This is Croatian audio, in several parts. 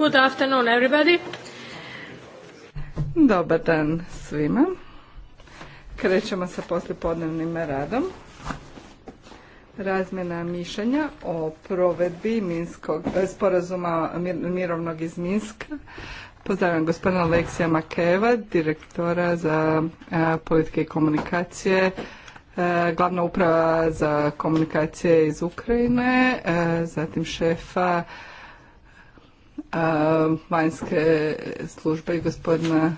Good afternoon everybody. Dobar dan svima. Krećemo sa poslijepodnevnim radom. Razmjena mišljenja o provedbi minskog, e, sporazuma mirovnog iz Minska. Pozdravljam gospodina Aleksija Makeva, direktora za e, politike i komunikacije e, glavna uprava za komunikacije iz Ukrajine, zatim šefa vanjske službe i gospodina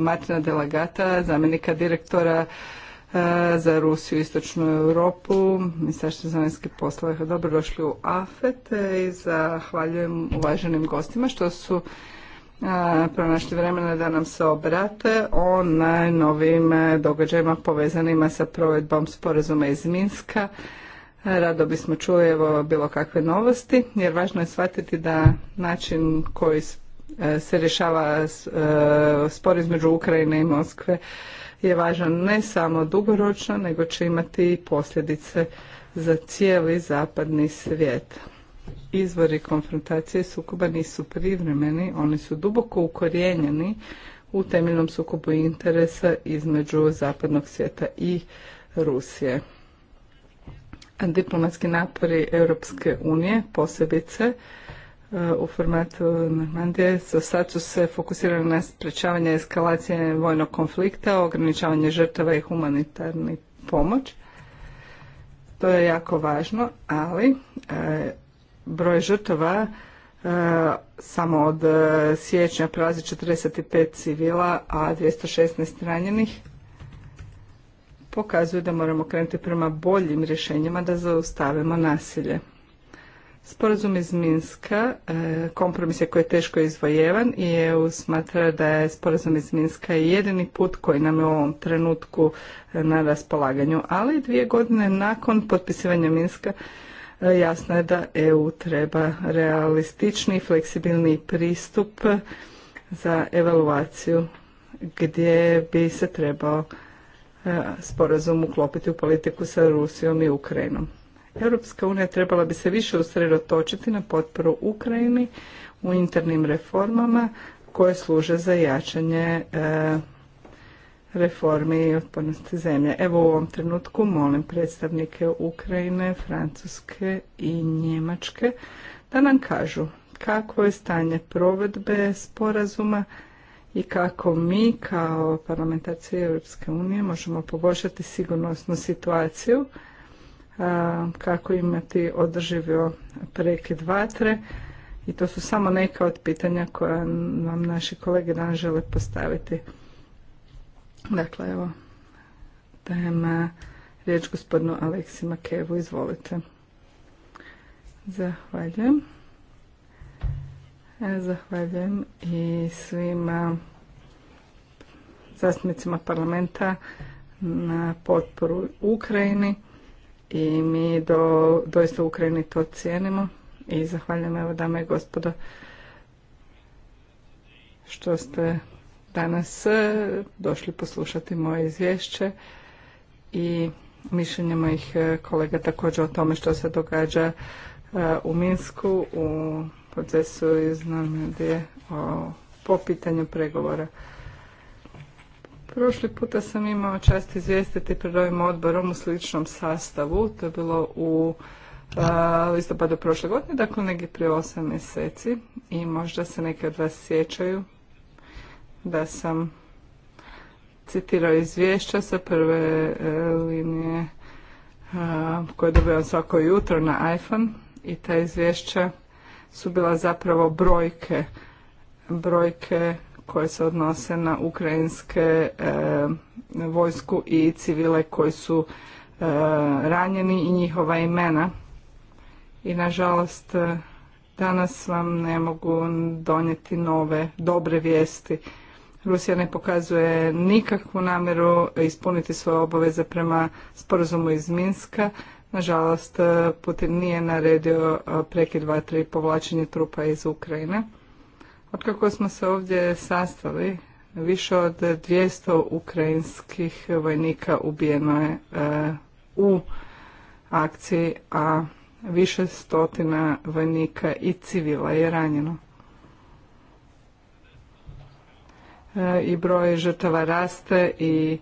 Martina Delagata, zamjenika direktora za Rusiju i Istočnu Europu, Ministarstvo za vanjske poslove. Dobro došli u AFET i zahvaljujem uvaženim gostima što su pronašli vremena da nam se obrate o najnovijim e, događajima povezanima sa provedbom sporazuma iz Minska Rado bismo čuli evo bilo kakve novosti, jer važno je shvatiti da način koji e, se rješava e, spor između Ukrajine i Moskve je važan ne samo dugoročno, nego će imati i posljedice za cijeli zapadni svijet. Izvori konfrontacije sukoba nisu privremeni, oni su duboko ukorijenjeni u temeljnom sukobu interesa između zapadnog svijeta i Rusije diplomatski napori Europske unije, posebice e, u formatu Normandije. Za sad su se fokusirali na sprečavanje eskalacije vojnog konflikta, ograničavanje žrtava i humanitarni pomoć. To je jako važno, ali e, broj žrtava e, samo od siječnja prelazi 45 civila, a 216 ranjenih pokazuju da moramo krenuti prema boljim rješenjima da zaustavimo nasilje. Sporazum iz Minska, e, kompromis je koji je teško izvojevan i EU smatra da je sporazum iz Minska jedini put koji nam je u ovom trenutku e, na raspolaganju, ali dvije godine nakon potpisivanja Minska e, jasno je da EU treba realistični i fleksibilni pristup za evaluaciju gdje bi se trebao E, sporazum uklopiti u politiku sa Rusijom i Ukrajinom. Europska unija trebala bi se više usredotočiti na potporu Ukrajini u internim reformama koje služe za jačanje e, reformi i otpornosti zemlje. Evo u ovom trenutku molim predstavnike Ukrajine, Francuske i Njemačke da nam kažu kako je stanje provedbe sporazuma i kako mi kao parlamentarci Europske unije možemo poboljšati sigurnosnu situaciju, kako imati održivio prekid vatre i to su samo neka od pitanja koja nam naši kolege danas žele postaviti. Dakle, evo, dajem riječ gospodinu Aleksima Makevu, izvolite. Zahvaljujem. Zahvaljujem i svima zastupnicima parlamenta na potporu Ukrajini i mi do, doista u Ukrajini to cijenimo i zahvaljujem evo dame i gospodo što ste danas e, došli poslušati moje izvješće i mišljenje mojih e, kolega također o tome što se događa e, u Minsku u procesu iz Normandije po pitanju pregovora. Prošli puta sam imao čast izvijestiti pred ovim odborom u sličnom sastavu. To je bilo u listopadu prošle godine, dakle negdje prije osam mjeseci. I možda se neki od vas sjećaju da sam citirao izvješća sa prve e, linije a, koje dobijam svako jutro na iPhone i ta izvješća su bila zapravo brojke, brojke koje se odnose na ukrajinske eh, vojsku i civile koji su eh, ranjeni i njihova imena. I nažalost eh, danas vam ne mogu donijeti nove dobre vijesti. Rusija ne pokazuje nikakvu namjeru ispuniti svoje obaveze prema sporazumu iz Minska Nažalost, e, Putin nije naredio e, prekid vatre i povlačenje trupa iz Ukrajine. Otkako smo se ovdje sastali, više od 200 ukrajinskih vojnika ubijeno je e, u akciji, a više stotina vojnika i civila je ranjeno. I broj žrtava raste i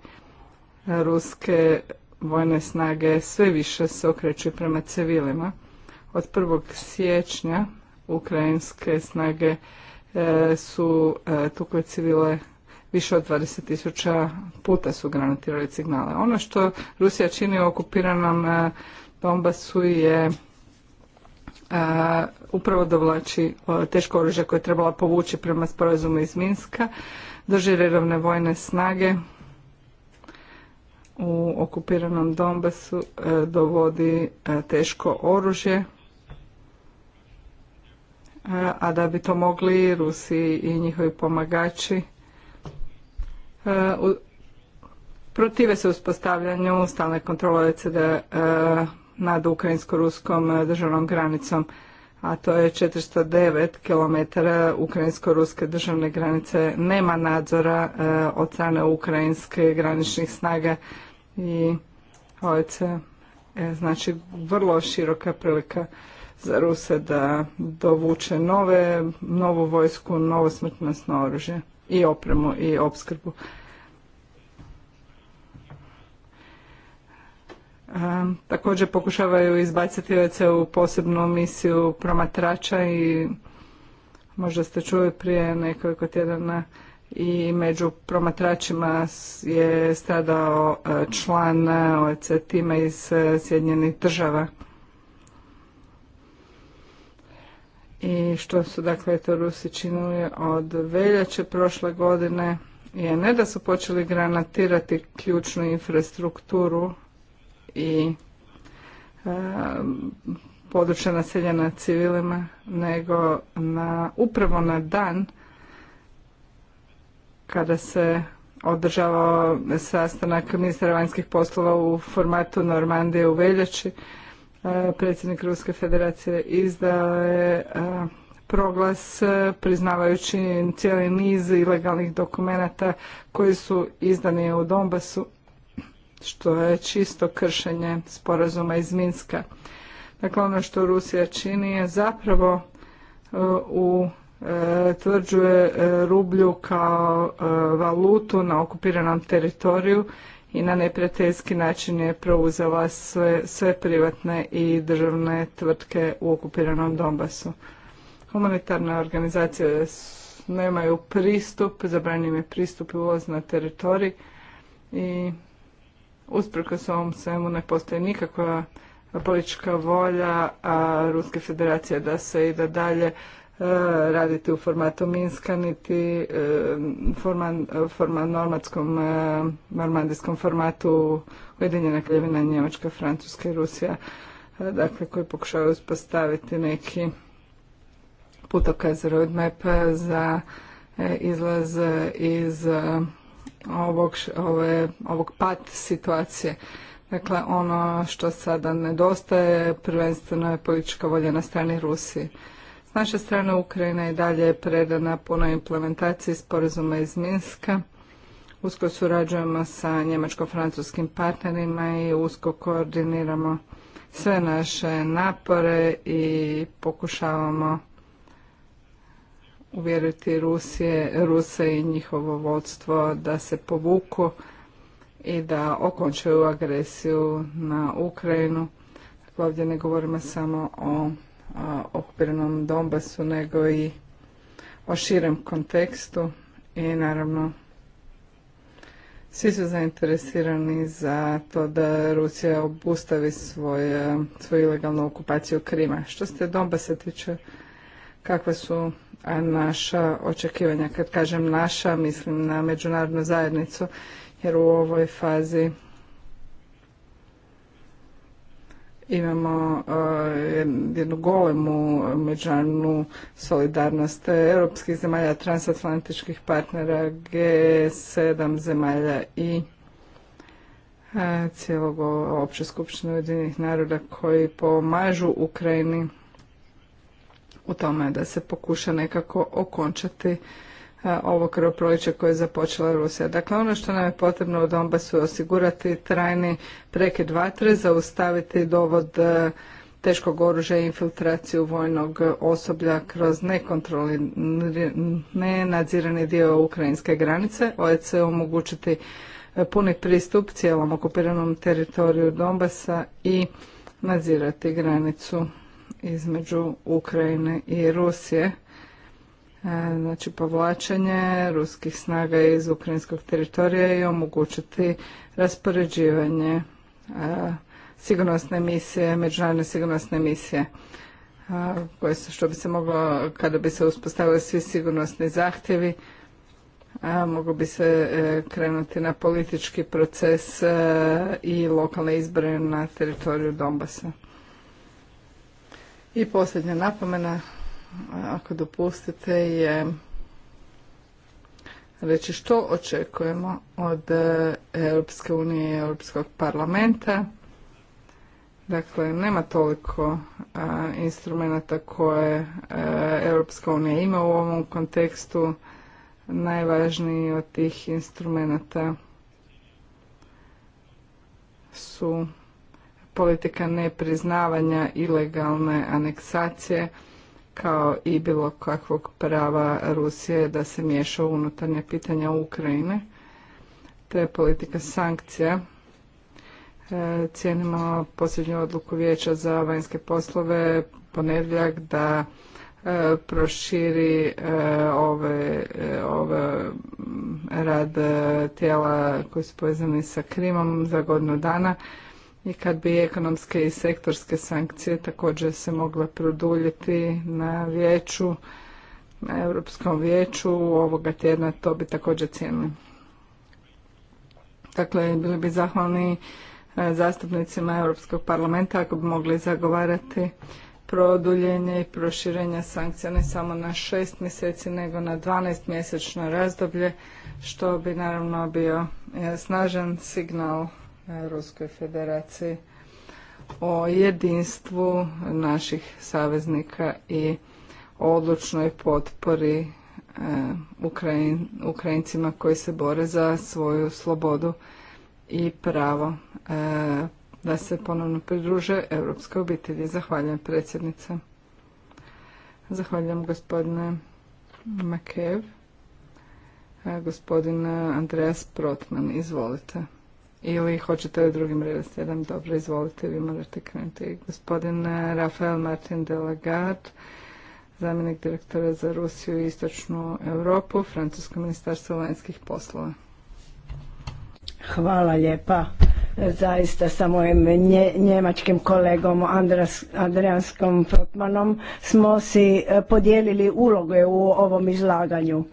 ruske vojne snage sve više se okreću prema civilima. Od 1. siječnja ukrajinske snage e, su e, tukle civile više od 20.000 puta su granatirali signale. Ono što Rusija čini u okupiranom e, Donbasu je e, upravo dovlači teško oružje koje je trebala povući prema sporazumu iz Minska, drži redovne vojne snage u okupiranom Donbasu e, dovodi e, teško oružje, e, a da bi to mogli Rusi i njihovi pomagači protive se uspostavljanju stalne kontrole OECD nad ukrajinsko-ruskom državnom granicom, a to je 409 km ukrajinsko-ruske državne granice. Nema nadzora od strane ukrajinske graničnih snaga i OEC e, znači vrlo široka prilika za Ruse da dovuče nove, novu vojsku, novo smrtnostno oružje i opremu i opskrbu. E, također pokušavaju izbaciti OEC u posebnu misiju promatrača i možda ste čuli prije nekoliko tjedana i među promatračima je stradao e, član e, OEC tima iz e, Sjedinjenih država. I što su dakle to Rusi činili od veljače prošle godine je ne da su počeli granatirati ključnu infrastrukturu i e, područja naseljena civilima, nego na, upravo na dan kada se održavao sastanak ministra vanjskih poslova u formatu Normandije u veljači. E, predsjednik Ruske federacije izdao je e, proglas e, priznavajući cijeli niz ilegalnih dokumenata koji su izdani u Donbasu, što je čisto kršenje sporazuma iz Minska. Dakle, ono što Rusija čini je zapravo u E, tvrđuje e, rublju kao e, valutu na okupiranom teritoriju i na neprijateljski način je preuzela sve, sve privatne i državne tvrtke u okupiranom Donbasu. Humanitarne organizacije nemaju pristup, zabranjen je pristup i uvoz na teritorij i usprkos ovom svemu ne postoji nikakva politička volja a Ruske federacije da se i da dalje E, raditi u formatu Minska, niti e, format normatskom, e, normandijskom formatu Ujedinjena kljevina Njemačka, Francuska i Rusija, dakle koji pokušavaju uspostaviti neki putokaz roadmap za izlaz iz ovog, ovog pat situacije. Dakle, ono što sada nedostaje prvenstveno je politička volja na strani Rusije. S naše strane Ukrajina i dalje je predana punoj implementaciji sporazuma iz Minska. Usko surađujemo sa njemačko-francuskim partnerima i usko koordiniramo sve naše napore i pokušavamo uvjeriti Rusije, Ruse i njihovo vodstvo da se povuku i da okončaju agresiju na Ukrajinu. Dakle, ovdje ne govorimo samo o okupiranom Donbasu, nego i o širem kontekstu i naravno svi su zainteresirani za to da Rusija obustavi svoj, svoju ilegalnu okupaciju Krima. Što se Donbasa tiče, kakva su naša očekivanja? Kad kažem naša, mislim na međunarodnu zajednicu, jer u ovoj fazi imamo e, jednu golemu međunarodnu solidarnost europskih zemalja, transatlantičkih partnera, G7 zemalja i e, cijelog opće skupštine Ujedinjenih naroda koji pomažu Ukrajini u tome da se pokuša nekako okončati E, ovo krvoproliče koje je započela Rusija. Dakle, ono što nam je potrebno u Donbasu je osigurati trajni prekid vatre, zaustaviti dovod e, teškog oružja i infiltraciju vojnog osoblja kroz nenadzirani dio ukrajinske granice. OEC omogućiti e, puni pristup cijelom okupiranom teritoriju Donbasa i nadzirati granicu između Ukrajine i Rusije E, znači povlačenje ruskih snaga iz ukrajinskog teritorija i omogućiti raspoređivanje e, sigurnosne misije, međunarodne sigurnosne misije e, koje se, što bi se moglo, kada bi se uspostavili svi sigurnosni zahtjevi, moglo bi se krenuti na politički proces i lokalne izbore na teritoriju Donbasa. I posljednja napomena, ako dopustite, je reći što očekujemo od e, Europske unije i Europskog parlamenta. Dakle, nema toliko a, e, instrumenta koje e, Europska unija ima u ovom kontekstu. Najvažniji od tih instrumenta su politika nepriznavanja ilegalne aneksacije, kao i bilo kakvog prava Rusije da se miješa u unutarnje pitanja Ukrajine, je politika sankcija. E, cijenimo posljednju odluku Vijeća za vanjske poslove ponedjeljak da e, proširi e, ove, ove rad tijela koji su povezani sa Krimom za godinu dana i kad bi ekonomske i sektorske sankcije također se mogle produljiti na vijeću, na Europskom vijeću ovoga tjedna, to bi također cijenili. Dakle, bili bi zahvalni e, zastupnicima Europskog parlamenta ako bi mogli zagovarati produljenje i proširenje sankcija ne samo na šest mjeseci nego na 12 mjesečno razdoblje što bi naravno bio e, snažan signal Ruskoj federaciji o jedinstvu naših saveznika i o odlučnoj potpori e, Ukrajincima koji se bore za svoju slobodu i pravo e, da se ponovno pridruže Europske obitelji. Zahvaljujem predsjednice. Zahvaljujem gospodine Makev. E, gospodin Andreas Protman, izvolite. Ili hoćete drugim redosljedom? Dobro, izvolite, vi morate krenuti. Gospodin eh, Rafael Martin Garde, zamjenik direktora za Rusiju i Istočnu Europu, Francusko ministarstvo vanjskih poslova. Hvala lijepa. Zaista sa mojim njemačkim kolegom Andras, Frotmanom smo si eh, podijelili uloge u ovom izlaganju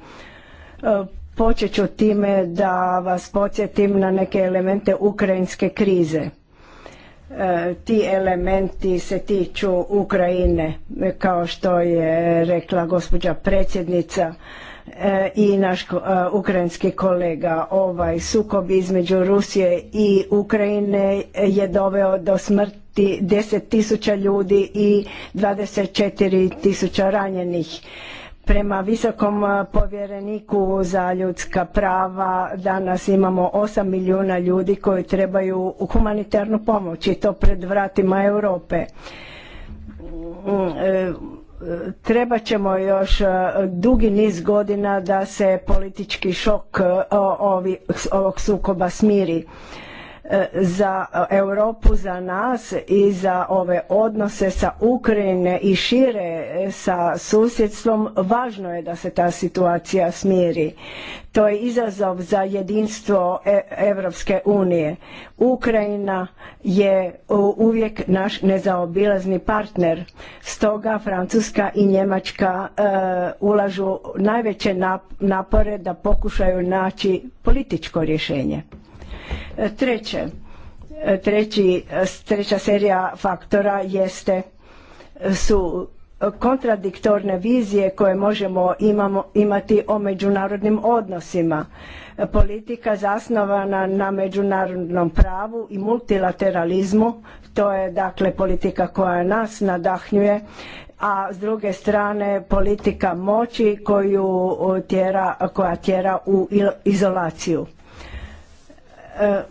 eh, Počet ću time da vas podsjetim na neke elemente ukrajinske krize. E, ti elementi se tiču Ukrajine, kao što je rekla gospođa predsjednica e, i naš e, ukrajinski kolega. Ovaj sukob između Rusije i Ukrajine je doveo do smrti 10.000 tisuća ljudi i 24.000 tisuća ranjenih. Prema visokom eh, povjereniku za ljudska prava danas imamo 8 milijuna ljudi koji trebaju humanitarnu pomoć i to pred vratima Europe. Mm, eh, Treba ćemo još eh, dugi niz godina da se politički šok ovog sukoba smiri E, za Europu, za nas i za ove odnose sa Ukrajine i šire sa susjedstvom, važno je da se ta situacija smiri. To je izazov za jedinstvo Europske unije. Ukrajina je uvijek naš nezaobilazni partner. Stoga Francuska i Njemačka e, ulažu najveće napore da pokušaju naći političko rješenje. Treće, treći, treća serija faktora jeste su kontradiktorne vizije koje možemo imamo, imati o međunarodnim odnosima. Politika zasnovana na međunarodnom pravu i multilateralizmu, to je dakle politika koja nas nadahnjuje, a s druge strane politika moći koju tjera, koja tjera u izolaciju E,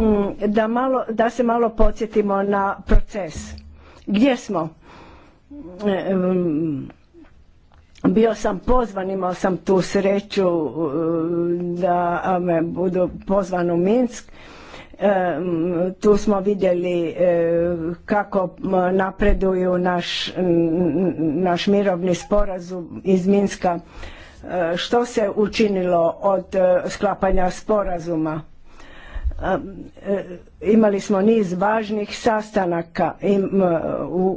mm, da, da se malo podsjetimo na proces. Gdje smo? E, mm, bio sam pozvan, imao sam tu sreću e, da me budu pozvan u Minsk. Mm, tu smo vidjeli kako napreduju naš, naš mirovni sporazum iz Minska. Što se učinilo od sklapanja sporazuma? E, imali smo niz važnih sastanaka e,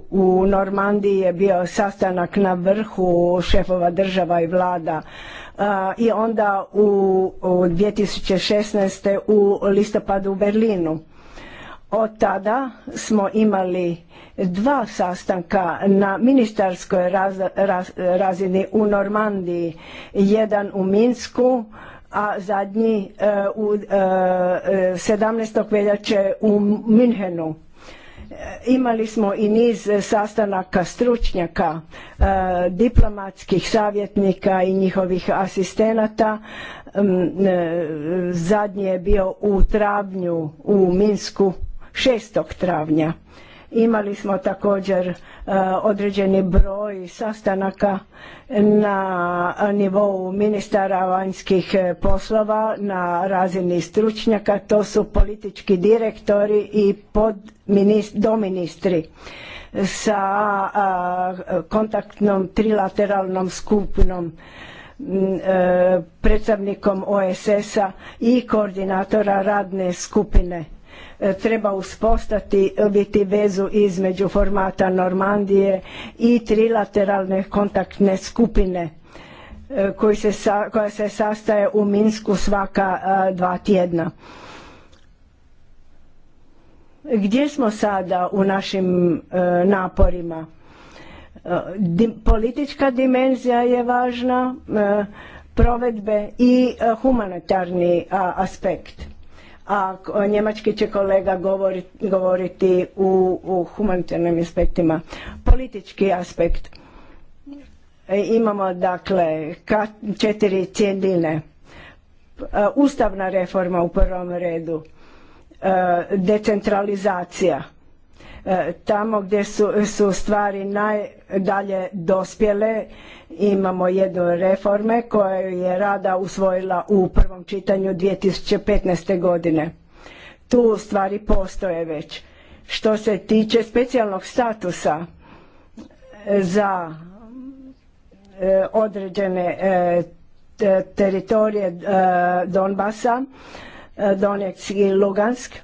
u Normandiji je bio sastanak na vrhu šefova država i vlada e, i onda u 2016. u listopadu u Berlinu od tada smo imali dva sastanka na ministarskoj razini u Normandiji jedan u Minsku a zadnji e, u 17. E, e, veljače u Minhenu. Imali smo i niz sastanaka stručnjaka, diplomatskih savjetnika i njihovih asistenata. Zadnji je bio u travnju u Minsku 6. travnja. Imali smo također e, određeni broj sastanaka na nivou ministara vanjskih e, poslova, na razini stručnjaka, to su politički direktori i doministri sa kontaktnom trilateralnom skupinom e, predstavnikom OSS-a i koordinatora radne skupine E, treba uspostati biti vezu između formata Normandije i trilateralne kontaktne skupine e, koja se sastaje u Minsku svaka e, dva tjedna. Gdje smo sada u našim naporima? Politička dimenzija je važna, provedbe i humanitarni aspekt a njemački će kolega govoriti u, humanitarnim aspektima. Politički aspekt. E, imamo dakle četiri cjedine. E, ustavna reforma u prvom redu, e, decentralizacija, tamo gdje su, su stvari najdalje dospjele Imamo jednu reforme koju je Rada usvojila u prvom čitanju 2015. godine. Tu stvari postoje već. Što se tiče specijalnog statusa e, za e, određene e, teritorije Donbasa, Donetsk i Lugansk,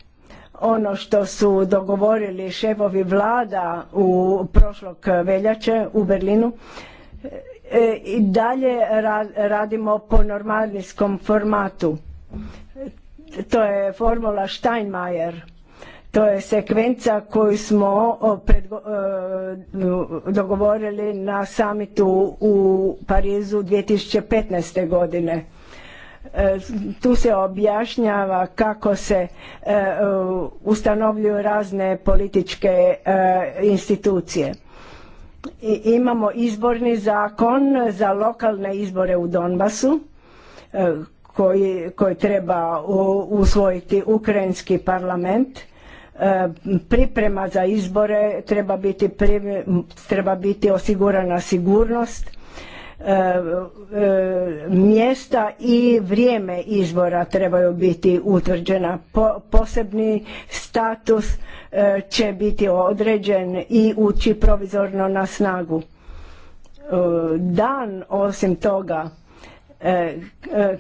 ono što su dogovorili šefovi vlada u prošlog veljače u Berlinu E, i dalje radimo po normalnijskom formatu. To je formula Steinmeier. To je sekvenca koju smo e, dogovorili na samitu u Parizu 2015. godine. E, tu se objašnjava kako se ustanovljuju razne političke institucije i imamo izborni zakon za lokalne izbore u Donbasu e, koji, treba usvojiti ukrajinski parlament e, priprema za izbore treba biti osigurana sigurnost E, e, mjesta i vrijeme izbora trebaju biti utvrđena. posebni status e, će biti određen i ući provizorno na snagu. Dan osim toga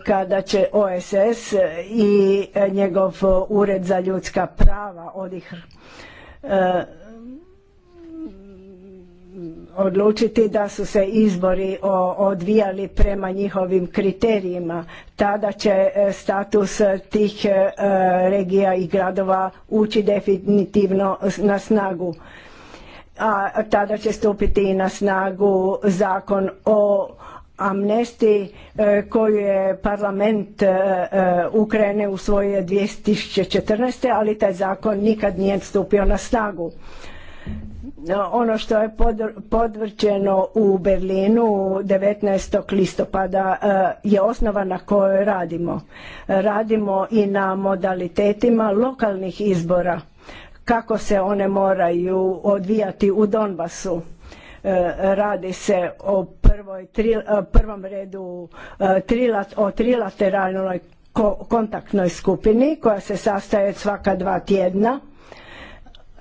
kada će OSS i njegov ured za ljudska prava odih odlučiti da su se izbori odvijali prema njihovim kriterijima, tada će e, status tih e, regija i gradova ući definitivno na snagu. A tada će stupiti i na snagu zakon o amnestiji e, koju je parlament Ukrajine usvojio 2014. ali taj zakon nikad nije stupio na snagu ono što je potvrđeno u Berlinu 19. listopada eh, je osnova na kojoj radimo. Radimo i na modalitetima lokalnih izbora, kako se one moraju odvijati u Donbasu. Eh, radi se o prvoj, eh, prvom redu o trilateralnoj kontaktnoj skupini koja se sastaje svaka dva tjedna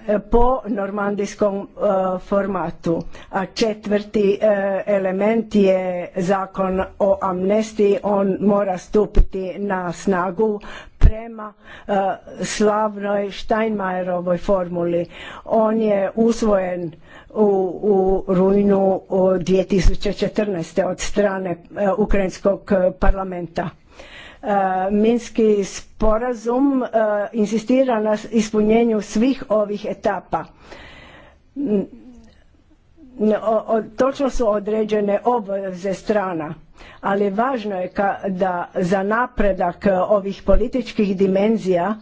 E, po normandijskom e, formatu. A četvrti e, element je zakon o amnestiji, on mora stupiti na snagu prema slavnoj Steinmeierovoj formuli. On je usvojen u, u rujnu 2014. od strane Ukrajinskog parlamenta. E, Minski sporazum e, insistira na ispunjenju svih ovih etapa. Točno su određene obveze strana, ali važno je da za napredak ovih političkih dimenzija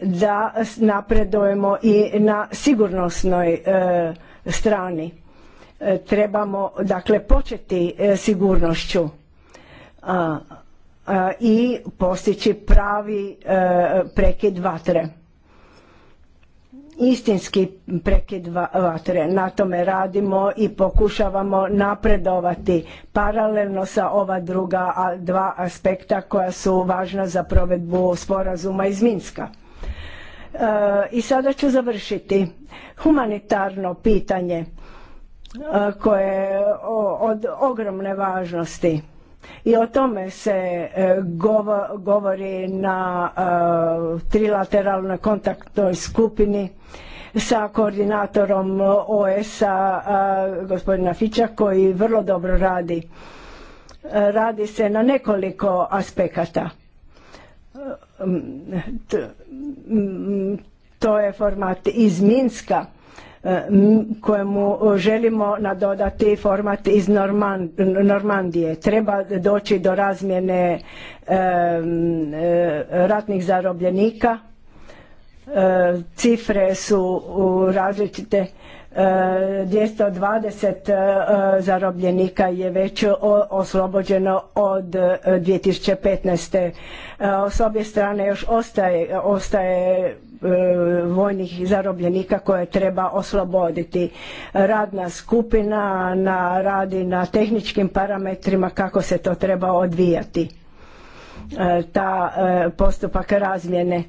da napredujemo i na sigurnosnoj e, strani. trebamo dakle početi sigurnošću. A, Eh, i postići pravi eh, prekid vatre istinski prekid vatre. Na tome radimo i pokušavamo napredovati paralelno sa ova druga dva aspekta koja su važna za provedbu sporazuma iz Minska. Eh, I sada ću završiti. Humanitarno pitanje koje je od ogromne važnosti i o tome se e, govori na e, trilateralnoj kontaktnoj skupini sa koordinatorom OS-a e, gospodina Fića koji vrlo dobro radi. Radi se na nekoliko aspekata. To je format iz Minska E, kojemu želimo nadodati format iz Normandije. Treba doći do razmjene e, e, ratnih zarobljenika. Cifre su različite. 220 zarobljenika je već oslobođeno od 2015. S obje strane još ostaje, ostaje E, vojnih zarobljenika koje treba osloboditi. Radna skupina na, radi na tehničkim parametrima kako se to treba odvijati. E, ta e, postupak razmjene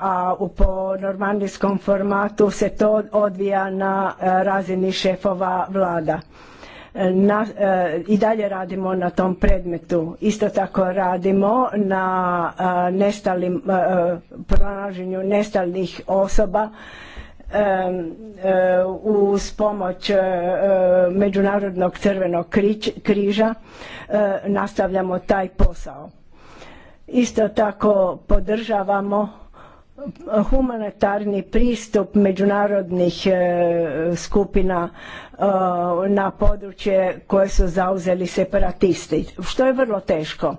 a po normandijskom formatu se to odvija na razini šefova vlada. E, I dalje radimo na tom predmetu. Isto tako radimo na e, nestalim, e, pronalaženju nestalih osoba uz pomoć Međunarodnog crvenog križa nastavljamo taj posao. Isto tako podržavamo humanitarni pristup međunarodnih e, skupina e, na područje koje su zauzeli separatisti, što je vrlo teško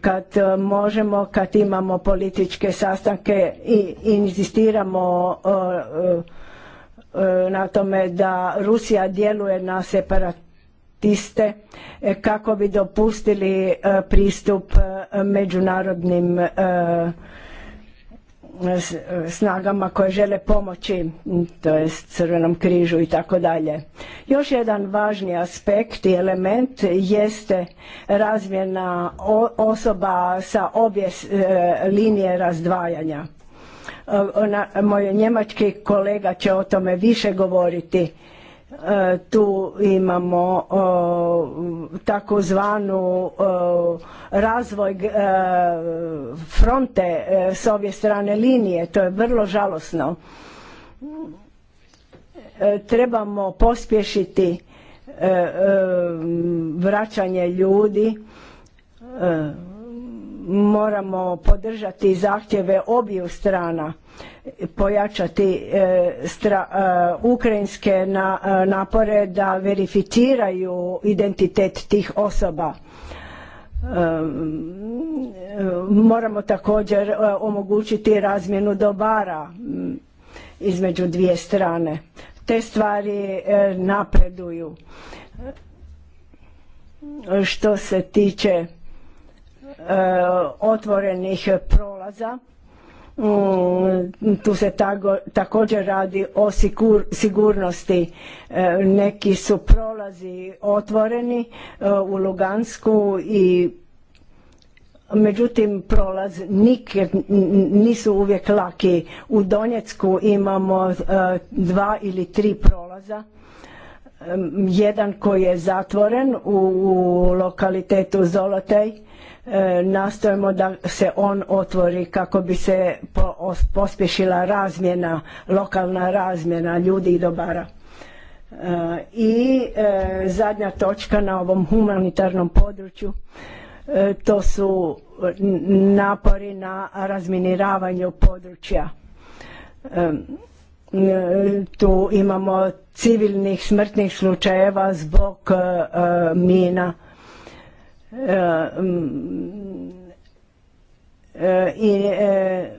kad e, možemo, kad imamo političke sastanke i inzistiramo na tome da Rusija djeluje na separatiste kako bi dopustili pristup međunarodnim snagama koje žele pomoći, to je Crvenom križu i tako dalje. Još jedan važni aspekt i element jeste razmjena osoba sa obje e, linije razdvajanja. E, moj njemački kolega će o tome više govoriti E, tu imamo takozvanu razvoj e, fronte e, s obje strane linije, to je vrlo žalosno. Trebamo pospješiti vraćanje ljudi, moramo podržati zahtjeve obiju strana pojačati e, e, ukrajinske e, napore da verificiraju identitet tih osoba. Moramo također omogućiti razmjenu dobara između dvije strane. Te stvari napreduju. Što se tiče otvorenih prolaza tu se također radi o sigurnosti e, neki su prolazi otvoreni e, u Lugansku i međutim prolaz nikad nisu uvijek laki u Donjecku imamo e, dva ili tri prolaza jedan koji je zatvoren u, u lokalitetu Zolotej E, nastojimo da se on otvori kako bi se pospješila razmjena, lokalna razmjena ljudi i dobara. E, I e, zadnja točka na ovom humanitarnom području to su napori na razminiravanju područja. Tu imamo civilnih smrtnih slučajeva zbog mina E, mm, e, i e,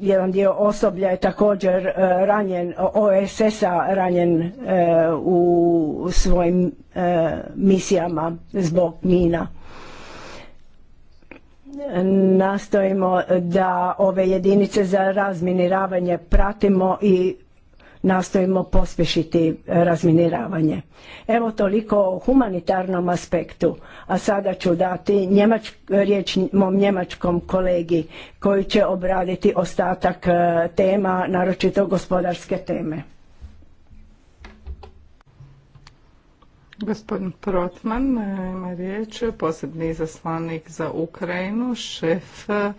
jedan dio osoblja je također ranjen, OSS-a ranjen u svojim misijama zbog mina. Nastojimo da ove jedinice za razminiravanje pratimo i nastojimo pospješiti razminiravanje. Evo toliko o humanitarnom aspektu, a sada ću dati njemač, riječ mom njemačkom kolegi koji će obraditi ostatak e, tema, naročito gospodarske teme. Gospodin Protman e, ima riječ, posebni izaslanik za Ukrajinu, šef e,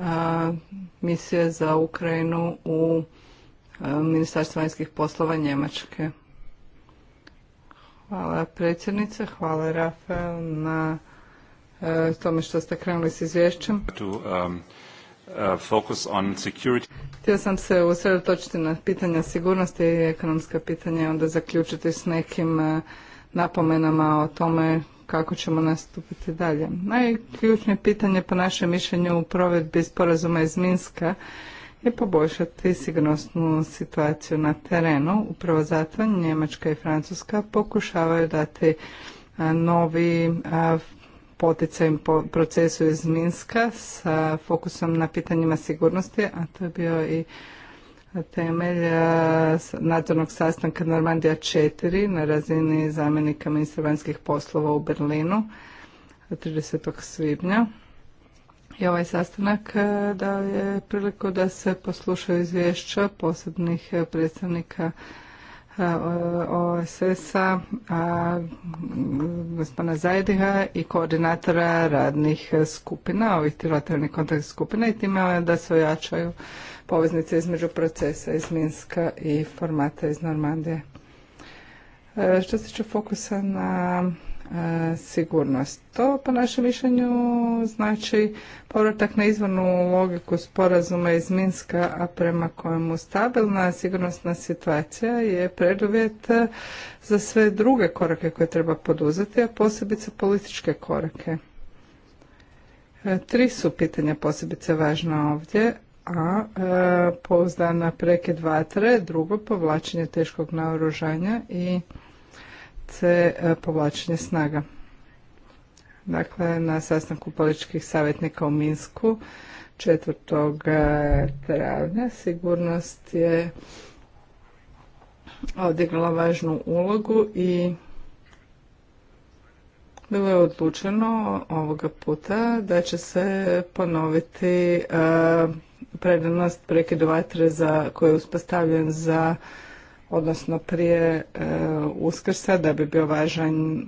a, misije za Ukrajinu u Ministarstva vanjskih poslova Njemačke. Hvala predsjednice, hvala Rafael na e, tome što ste krenuli s izvješćem. Um, e, on Htio sam se usredotočiti na pitanja sigurnosti i ekonomska pitanja i onda zaključiti s nekim e, napomenama o tome kako ćemo nastupiti dalje. Najključnije pitanje po našem mišljenju u provedbi sporazuma iz Minska i poboljšati sigurnosnu situaciju na terenu. Upravo zato Njemačka i Francuska pokušavaju dati novi poticaj procesu iz Minska sa fokusom na pitanjima sigurnosti, a to je bio i temelj nadzornog sastanka Normandija 4 na razini zamjenika ministra vanjskih poslova u Berlinu 30. svibnja i ovaj sastanak e, dao je priliku da se poslušaju izvješća posebnih e, predstavnika e, OSS-a, gospodina Zajdiha i koordinatora radnih skupina, ovih trilateralnih kontakt skupina i time da se ojačaju poveznice između procesa iz Minska i formata iz Normandije. Što se tiče fokusa na sigurnost. To po našem mišljenju znači povratak na izvornu logiku sporazuma iz Minska, a prema kojemu stabilna sigurnosna situacija je preduvjet za sve druge korake koje treba poduzeti, a posebice političke korake. E, tri su pitanja posebice važna ovdje, a e, pouzdana prekid tre, drugo povlačenje teškog naoružanja i se e, povlačenje snaga. Dakle, na sastanku političkih savjetnika u Minsku 4. E, travnja sigurnost je odigrala važnu ulogu i bilo je odlučeno ovoga puta da će se ponoviti e, predanost prekidu vatre za, koji je uspostavljen za odnosno prije e, Uskrsa da bi bio važan e,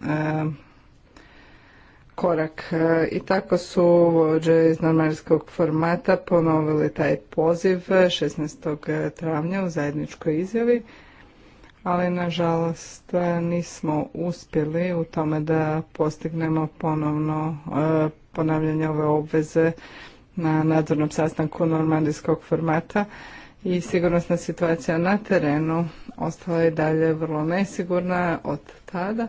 korak. E, I tako su vođe iz normalskog formata ponovili taj poziv 16. travnja u zajedničkoj izjavi, ali nažalost nismo uspjeli u tome da postignemo ponovno ponavljanje ove obveze na nadzornom sastanku normandijskog formata i sigurnosna situacija na terenu ostala je dalje vrlo nesigurna od tada.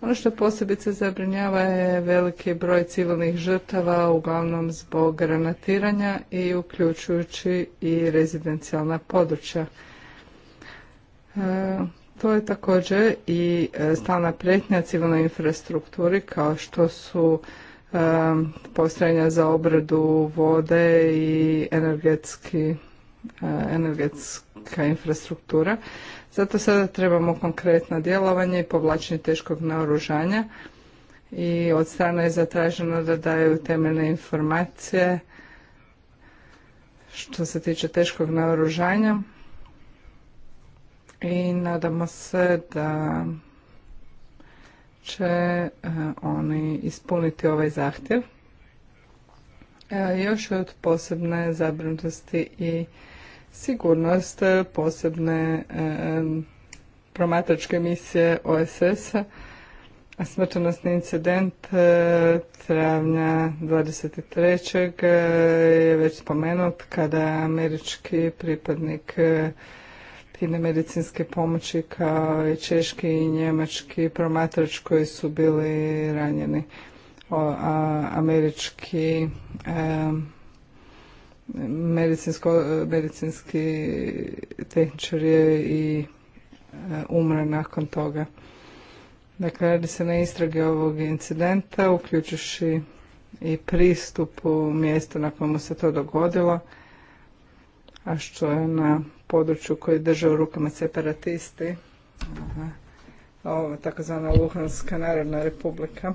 Ono što posebice zabrinjava je veliki broj civilnih žrtava, uglavnom zbog granatiranja i uključujući i rezidencijalna područja. E, to je također i e, stalna pretnja civilnoj infrastrukturi kao što su e, postrojenja za obradu vode i energetski, e, energetska infrastruktura zato sada trebamo konkretno djelovanje i povlačenje teškog naoružanja i od strane je zatraženo da daju temeljne informacije što se tiče teškog naoružanja i nadamo se da će e, oni ispuniti ovaj zahtjev. E, još je od posebne zabrinutosti i sigurnost e, posebne e, promatračke misije OSS-a Smrtonosni incident e, travnja 23. je već spomenut kada američki pripadnik hitne medicinske pomoći kao i češki i njemački promatrač koji su bili ranjeni. američki medicinski tehničar je i e, umre nakon toga. Dakle, radi se na istrage ovog incidenta, uključujući i pristup u mjestu na kojemu se to dogodilo, a što je na području koji drže u rukama separatisti, takozvana Luhanska narodna republika.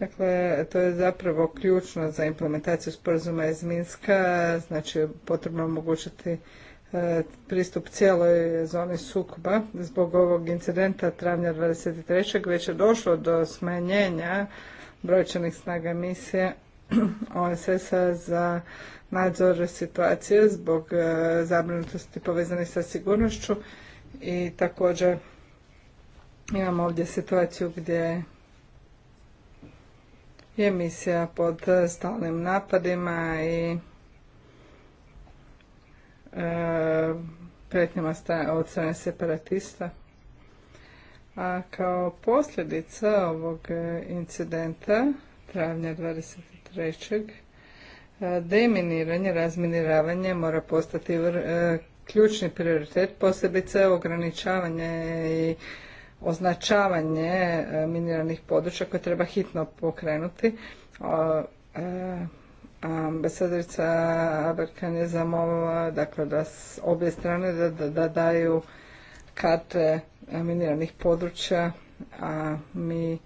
Dakle, to je zapravo ključno za implementaciju sporazuma iz Minska, znači potrebno omogućiti e, pristup cijeloj zoni sukoba. Zbog ovog incidenta travnja 23. već je došlo do smanjenja brojčanih snaga misije OSS-a za nadzor situacije zbog e, zabrinutosti povezanih sa sigurnošću i također imamo ovdje situaciju gdje je misija pod stalnim napadima i e, pretnjama od strane separatista. A kao posljedica ovog incidenta travnja 23. E, deminiranje, razminiravanje mora postati e, ključni prioritet, posebice ograničavanje i označavanje e, miniranih područja koje treba hitno pokrenuti. E, e, Ambasadorica Aberkan je zamolila dakle, da s obje strane da, daju kate miniranih područja, a mi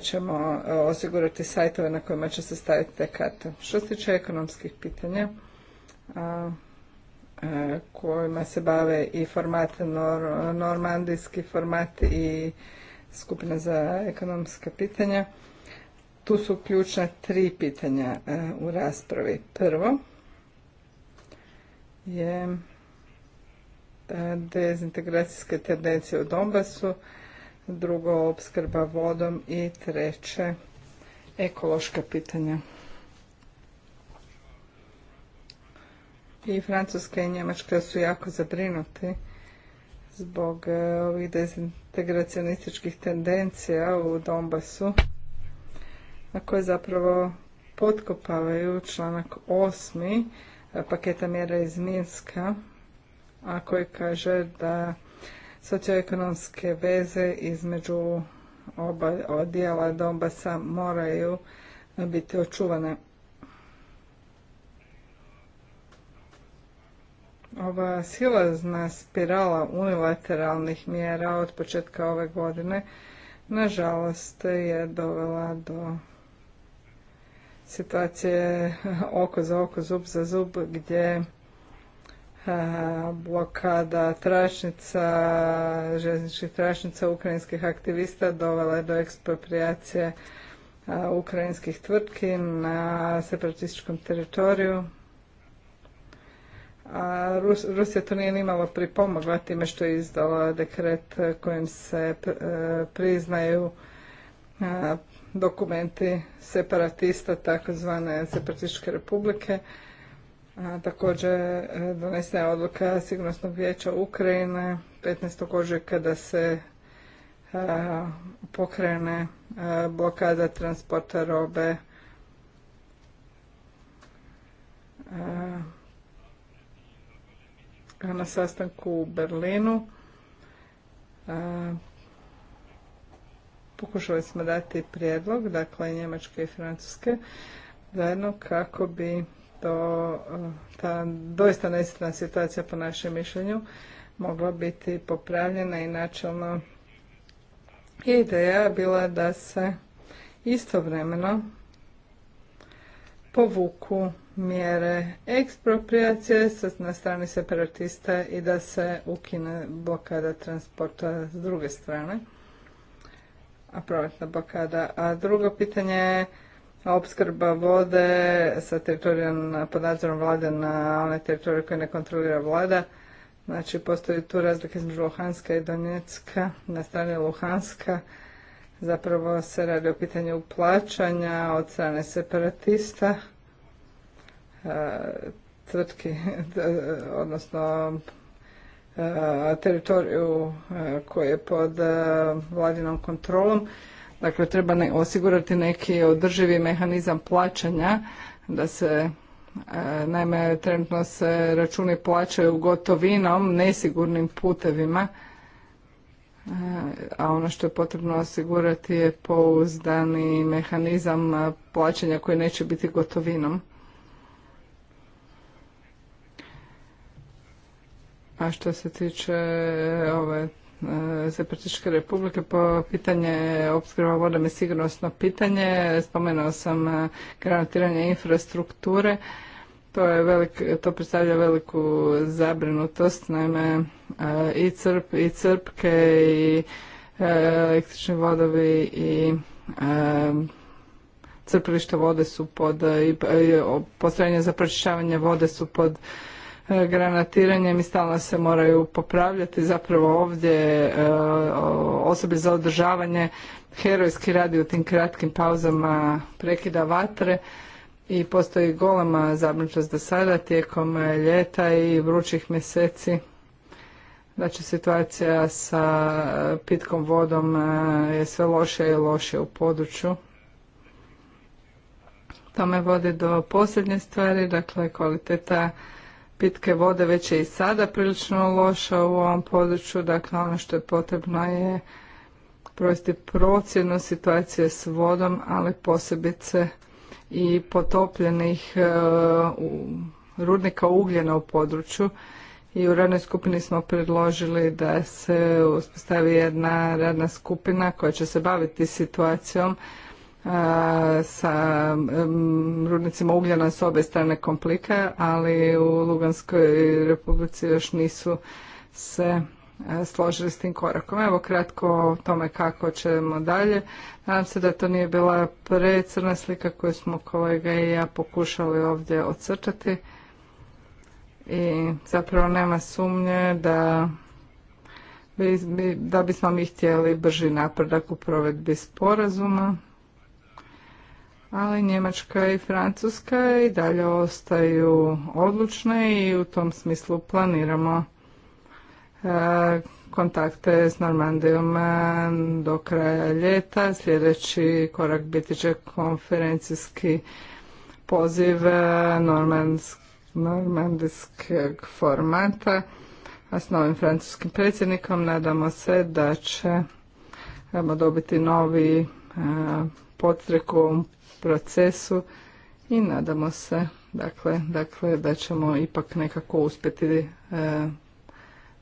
ćemo osigurati sajtove na kojima će se staviti te karte. Što se tiče ekonomskih pitanja, a, E, kojima se bave i format normandijski format i skupina za ekonomska pitanja. Tu su ključna tri pitanja e, u raspravi. Prvo je e, dezintegracijske tendencije u Donbasu, drugo opskrba vodom i treće ekološka pitanja. i Francuska i Njemačka su jako zabrinuti zbog e, ovih dezintegracionističkih tendencija u Donbasu, na koje zapravo potkopavaju članak osmi e, paketa mjera iz Minska, a koji kaže da socioekonomske veze između oba dijela Donbasa moraju biti očuvane. ova silazna spirala unilateralnih mjera od početka ove godine nažalost je dovela do situacije oko za oko, zub za zub gdje e, blokada tračnica, željezničkih tračnica ukrajinskih aktivista dovela je do ekspropriacije e, ukrajinskih tvrtki na separatističkom teritoriju a Rusija to nije nimalo pripomogla time što je izdala dekret kojim se e, priznaju e, dokumenti separatista takozvane separatističke republike. A, također e, donesena je odluka Sigurnosnog vijeća Ukrajine 15. ožujka da se pokrene blokada transporta robe na sastanku u Berlinu. E, pokušali smo dati prijedlog, dakle Njemačke i Francuske, zajedno kako bi to, e, ta doista nesretna situacija po našem mišljenju mogla biti popravljena i načelno ideja bila da se istovremeno povuku mjere ekspropriacije na strani separatista i da se ukine blokada transporta s druge strane, a prometna blokada. A drugo pitanje je opskrba vode sa teritorijom pod nadzorom vlade na one teritorije koje ne kontrolira vlada. Znači, postoji tu razlika između Luhanska i Donetska. Na strani Luhanska zapravo se radi o pitanju plaćanja od strane separatista E, tvrtki, e, odnosno e, teritoriju koji je pod vladinom kontrolom. Dakle, treba osigurati neki održivi mehanizam plaćanja da se Naime, trenutno se računi plaćaju gotovinom, nesigurnim putevima, a ono što je potrebno osigurati je pouzdani mehanizam plaćanja koji neće biti gotovinom. A što se tiče e, ove Zepratičke e, republike po pitanje opskrba vodom je sigurnosno pitanje. Spomenuo sam e, granatiranje infrastrukture. To, je velik, to predstavlja veliku zabrinutost. Naime, i, crp, i crpke i električni vodovi i crpilište vode su pod i postrojenja za pročišćavanje vode su pod E, granatiranjem i stalno se moraju popravljati. Zapravo ovdje e, osobe za održavanje herojski radi u tim kratkim pauzama prekida vatre i postoji golema zabrinutost do sada tijekom ljeta i vrućih mjeseci. Znači situacija sa pitkom vodom e, je sve lošija i lošija u području. To me vodi do posljednje stvari, dakle kvaliteta pitke vode već je i sada prilično loša u ovom području, dakle ono što je potrebno je provesti procjenu situacije s vodom, ali posebice i potopljenih e, rudnika ugljena u području i u radnoj skupini smo predložili da se uspostavi jedna radna skupina koja će se baviti situacijom sa rudnicima ugljena s obe strane komplika, ali u Luganskoj republici još nisu se e, složili s tim korakom. Evo kratko o tome kako ćemo dalje. Nadam se da to nije bila precrna slika koju smo kolega i ja pokušali ovdje ocrtati. I zapravo nema sumnje da da bismo mi htjeli brži napredak u provedbi sporazuma ali Njemačka i Francuska i dalje ostaju odlučne i u tom smislu planiramo e, kontakte s Normandijom e, do kraja ljeta. Sljedeći korak biti će konferencijski poziv e, normandijskog formata a s novim francuskim predsjednikom nadamo se da ćemo dobiti novi potrek procesu i nadamo se dakle, dakle, da ćemo ipak nekako uspjeti e,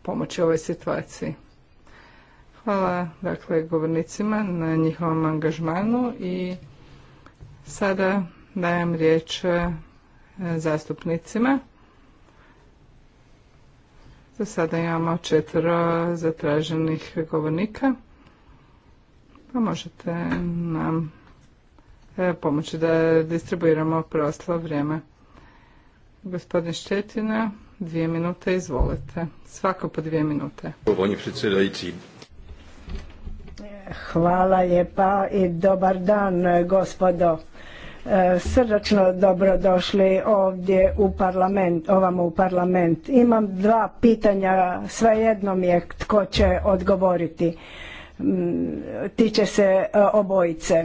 pomoći ovoj situaciji. Hvala dakle govornicima na njihovom angažmanu i sada dajem riječ e, zastupnicima. Za sada imamo četvero zatraženih govornika. Pa možete nam E, pomoći da distribuiramo preostalo vrijeme. Gospodin Štetina, dvije minute, izvolite. Svako po dvije minute. Hvala lijepa i dobar dan, gospodo. E, srdačno dobrodošli ovdje u parlament, ovamo u parlament. Imam dva pitanja, svejedno mi je tko će odgovoriti. Tiče se e, obojice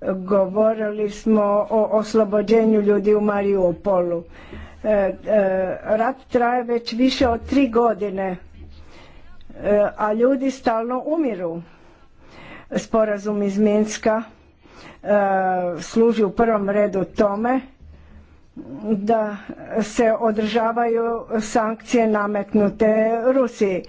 govorili smo o oslobođenju ljudi u Mariupolu. E, e, rat traje već više od tri godine, e, a ljudi stalno umiru. Sporazum iz Minska služi u prvom redu tome da se održavaju sankcije nametnute Rusiji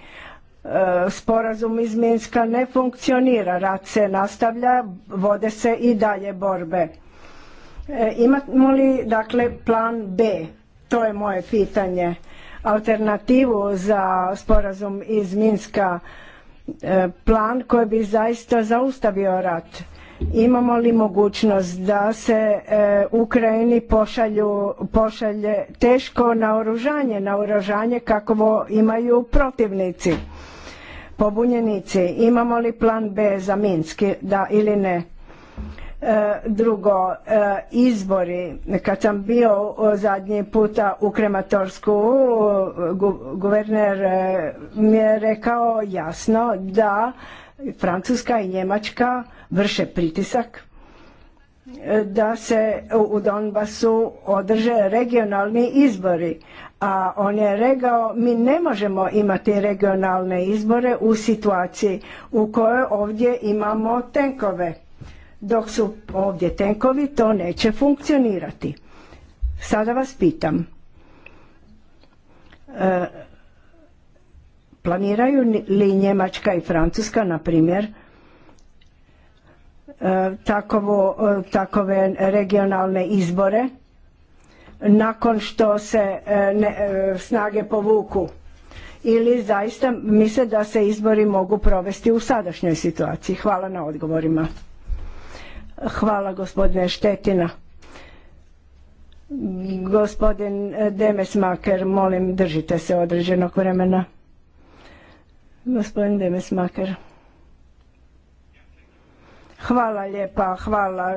E, sporazum iz Minska ne funkcionira, rat se nastavlja, vode se i dalje borbe. E, imamo li dakle plan B? To je moje pitanje. Alternativu za sporazum iz Minska e, plan koji bi zaista zaustavio rat. Imamo li mogućnost da se Ukrajini pošalju, pošalje teško naoružanje, naoružanje kakvo imaju protivnici? pobunjenici. Imamo li plan B za Minski, da ili ne? E, drugo, e, izbori. Kad sam bio zadnji puta u Krematorsku, guverner e, mi je rekao jasno da Francuska i Njemačka vrše pritisak da se u Donbasu održe regionalni izbori, a on je rekao mi ne možemo imati regionalne izbore u situaciji u kojoj ovdje imamo tenkove. Dok su ovdje tenkovi to neće funkcionirati. Sada vas pitam. E, planiraju li Njemačka i Francuska, na primjer, e, e takove regionalne izbore? nakon što se e, e, snage povuku ili zaista misle da se izbori mogu provesti u sadašnjoj situaciji. Hvala na odgovorima. Hvala gospodine Štetina. Gospodin Demesmaker, molim držite se određenog vremena. Gospodin Demesmaker. Hvala lijepa, hvala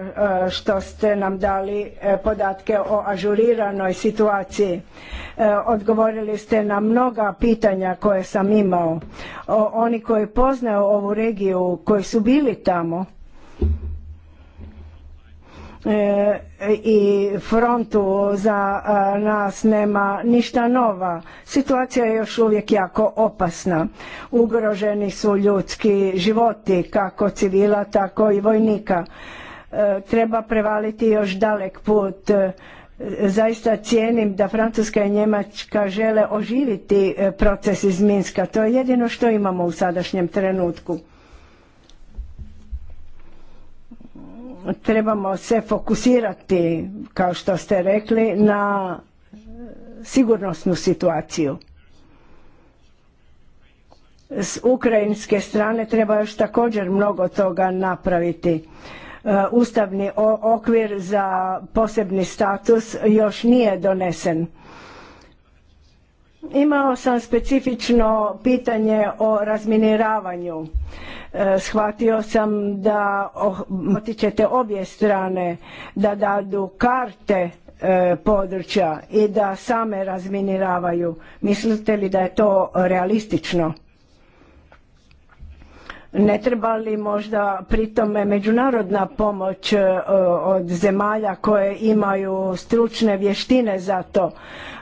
e, što ste nam dali e, podatke o ažuriranoj situaciji. E, odgovorili ste na mnoga pitanja koje sam imao. Oni koji poznaju ovu regiju, koji su bili tamo, E, i frontu za nas nema ništa nova. Situacija je još uvijek jako opasna. Ugroženi su ljudski životi, kako civila, tako i vojnika. E, treba prevaliti još dalek put. E, zaista cijenim da Francuska i Njemačka žele oživiti proces iz Minska. To je jedino što imamo u sadašnjem trenutku trebamo se fokusirati, kao što ste rekli, na e, sigurnosnu situaciju. S ukrajinske strane treba još također mnogo toga napraviti. E, ustavni okvir za posebni status još nije donesen Imao sam specifično pitanje o razminiravanju. E, shvatio sam da otičete oh, obje strane, da dadu karte e, područja i da same razminiravaju. Mislite li da je to realistično? Ne treba li možda tome međunarodna pomoć e, od zemalja koje imaju stručne vještine za to?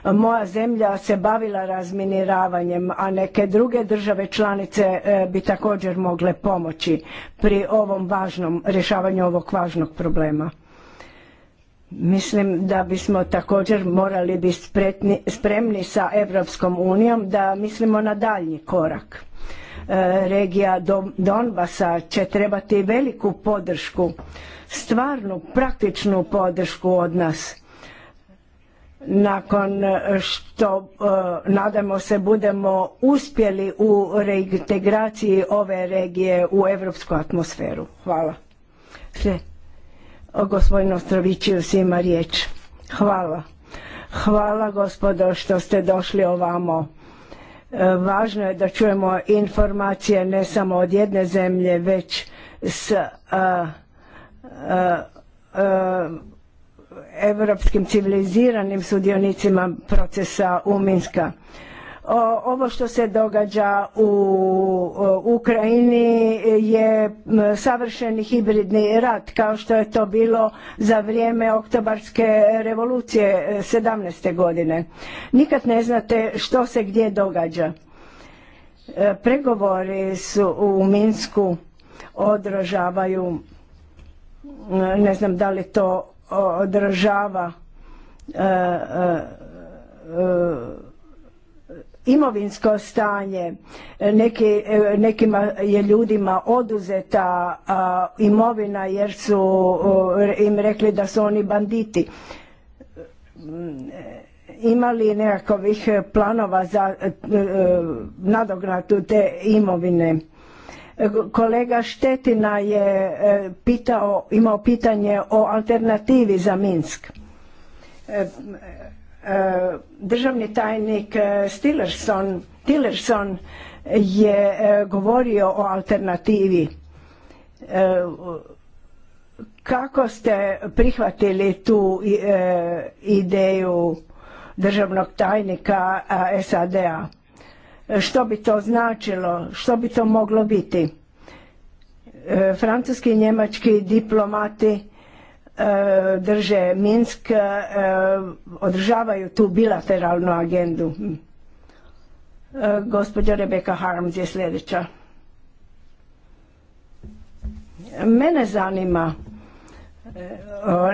Moja zemlja se bavila razminiravanjem, a neke druge države članice e, bi također mogle pomoći pri ovom važnom, rješavanju ovog važnog problema. Mislim da bismo također morali biti spremni sa Europskom unijom da mislimo na daljnji korak. E, regija Donbasa će trebati veliku podršku, stvarnu, praktičnu podršku od nas. Nakon što, e, nadamo se, budemo uspjeli u reintegraciji ove regije u europsku atmosferu. Hvala. Sve. Gospodin Ostrovićius ima riječ. Hvala. Hvala gospodo što ste došli ovamo E, važno je da čujemo informacije ne samo od jedne zemlje, već s europskim e, e, evropskim civiliziranim sudionicima procesa u Minska. Ovo što se događa u Ukrajini je savršeni hibridni rat kao što je to bilo za vrijeme oktobarske revolucije 17. E, godine. Nikad ne znate što se gdje događa. E, pregovori su u Minsku odražavaju ne znam da li to odražava e, imovinsko stanje, Neki, e, nekima je ljudima oduzeta imovina jer su im rekli da su oni banditi. imali li nekakvih planova za e, e, nadogradu te imovine? Kolega Štetina je pitao, imao pitanje o alternativi za Minsk. Eh, državni tajnik eh, Stillerson, Tillerson je eh, govorio o alternativi. Kako ste prihvatili tu ideju državnog tajnika SAD-a? Što bi to značilo? Što bi to moglo biti? Francuski i njemački diplomati E, drže Minsk, e, održavaju tu bilateralnu agendu. E, gospođa Rebeka Harms je sljedeća. Mene zanima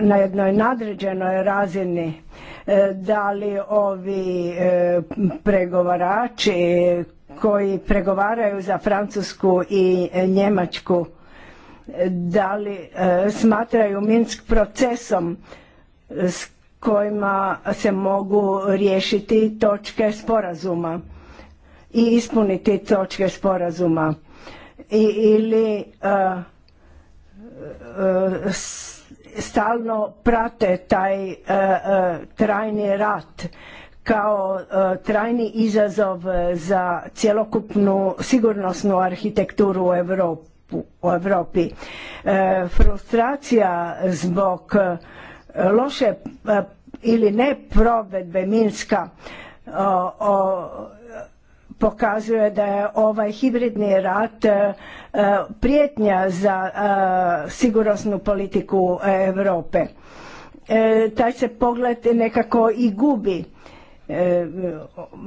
na jednoj nadređenoj razini da li ovi pregovarači koji pregovaraju za Francusku i Njemačku da li e, smatraju Minsk procesom e, s kojima se mogu riješiti točke sporazuma i ispuniti točke sporazuma ili e, stalno prate taj trajni rat kao trajni izazov za cjelokupnu sigurnosnu arhitekturu u Europi u Europi. E, frustracija zbog e, loše e, ili ne provedbe Minska o, pokazuje da je ovaj hibridni rat prijetnja za sigurnosnu politiku Europe. taj se pogled nekako i gubi E,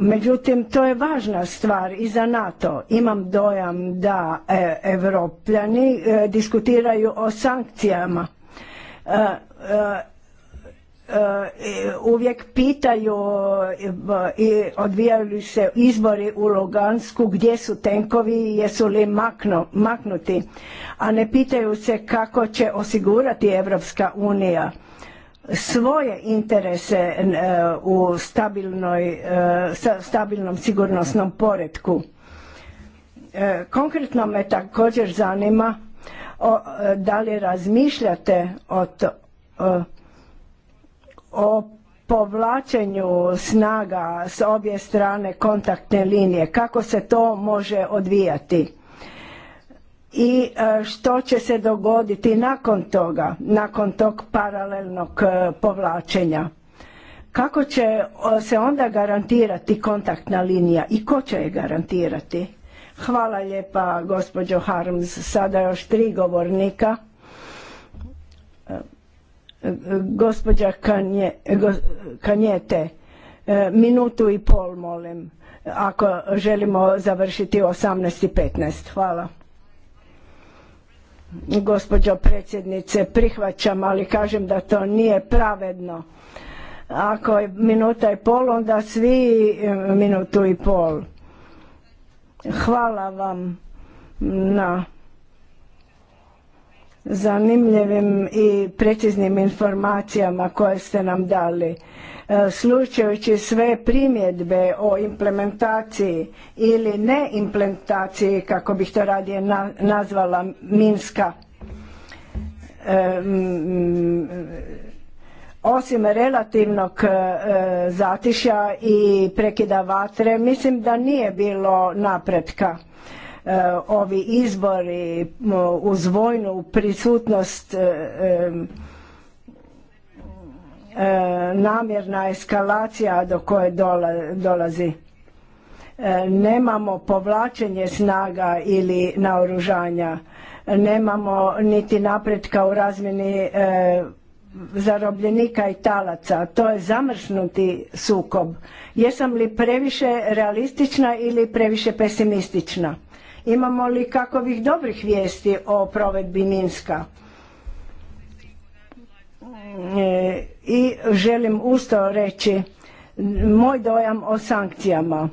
međutim, to je važna stvar i za NATO. Imam dojam da e, evropljani e, diskutiraju o sankcijama. Uvijek pitaju i odvijaju li se izbori u Lugansku, gdje su tenkovi, jesu li maknuti, a ne pitaju se kako će osigurati Evropska unija svoje interese e, u stabilnoj, e, stabilnom sigurnosnom poretku e, Konkretno me također zanima da li razmišljate o, o povlačenju snaga s obje strane kontaktne linije, kako se to može odvijati i e, što će se dogoditi nakon toga, nakon tog paralelnog e, povlačenja. Kako će se onda garantirati kontaktna linija i ko će je garantirati? Hvala lijepa gospođo Harms, sada još tri govornika. E, gospođa Kanjete, minutu i pol molim, ako želimo završiti u 18.15. Hvala gospođo predsjednice, prihvaćam, ali kažem da to nije pravedno. Ako je minuta i pol, onda svi e, minutu i pol. Hvala vam na zanimljivim i preciznim informacijama koje ste nam dali. E, slučajući sve primjedbe o implementaciji ili neimplementaciji, kako bih to radije nazvala, Minska, e, osim relativnog e, zatišja i prekida vatre, mislim da nije bilo napretka. Ovi izbori uz vojnu prisutnost E, namjerna eskalacija do koje dolazi. E, nemamo povlačenje snaga ili naoružanja, nemamo niti napretka u razmjeni e, zarobljenika i talaca. To je zamrznuti sukob. Jesam li previše realistična ili previše pesimistična? Imamo li kakovih dobrih vijesti o provedbi Minska? I želim usto reći moj dojam o sankcijama.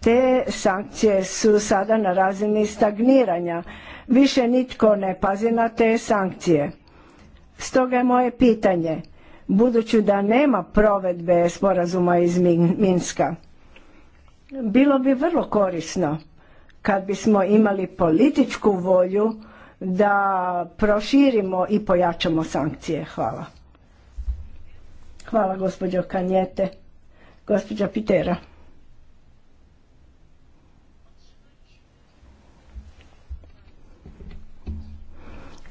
Te sankcije su sada na razini stagniranja. Više nitko ne pazi na te sankcije. Stoga je moje pitanje, budući da nema provedbe sporazuma iz Minska, bilo bi vrlo korisno kad bismo imali političku volju da proširimo i pojačamo sankcije. Hvala. Hvala gospođo Kanjete. Gospođa Pitera.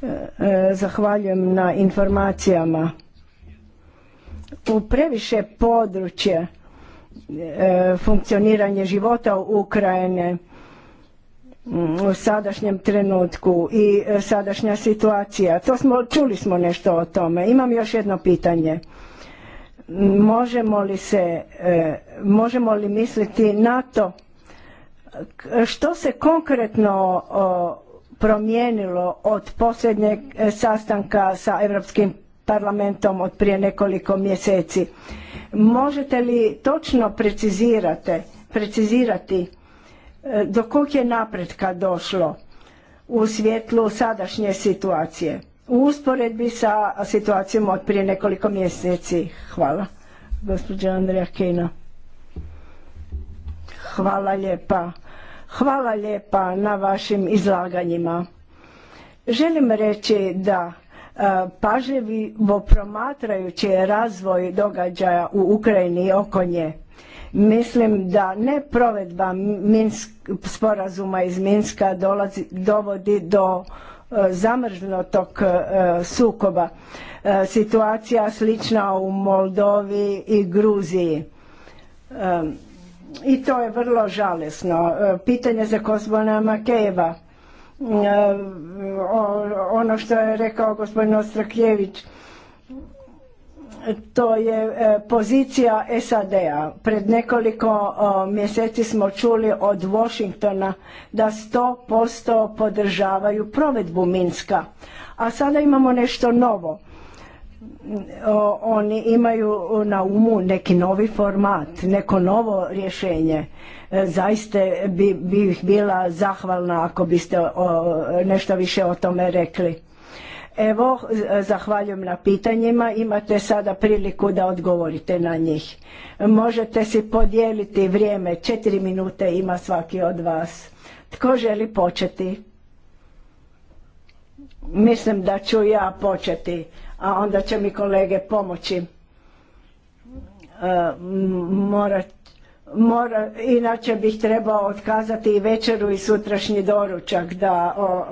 E, e, zahvaljujem na informacijama. U previše područje e, funkcioniranje života u Ukrajine mm, u sadašnjem trenutku i sadašnja situacija. smo, čuli smo nešto o tome. Imam još jedno pitanje. E, možemo li misliti na to što se konkretno promijenilo od posljednjeg e, sastanka sa Europskim parlamentom od prije nekoliko mjeseci. Možete li točno precizirate, precizirati e, do kog je napretka došlo u svjetlu sadašnje situacije? u usporedbi sa situacijom od prije nekoliko mjeseci. Hvala, gospođa Andrija Kino. Hvala lijepa. Hvala lijepa na vašim izlaganjima. Želim reći da e, pažljivo promatrajući razvoj događaja u Ukrajini i oko nje, mislim da ne provedba sporazuma iz Minska dovodi do E, zamrznutog e, sukoba. E, situacija slična u Moldovi i Gruziji. I to je vrlo žalesno. Pitanje za gospodina Makejeva. Ono što je rekao gospodin Ostrakjević, to je e, pozicija SAD-a. Pred nekoliko mjeseci smo čuli od Washingtona da posto podržavaju provedbu Minska. A sada imamo nešto novo. Oni imaju na umu neki novi format, neko novo rješenje. E, zaista bi bih bila zahvalna ako biste nešto više o tome rekli Evo, e, zahvaljujem na pitanjima, imate sada priliku da odgovorite na njih. Možete si podijeliti vrijeme, četiri minute ima svaki od vas. Tko želi početi? Mislim da ću ja početi, a onda će mi kolege pomoći. E, mora, inače bih trebao otkazati i večeru i sutrašnji doručak da o,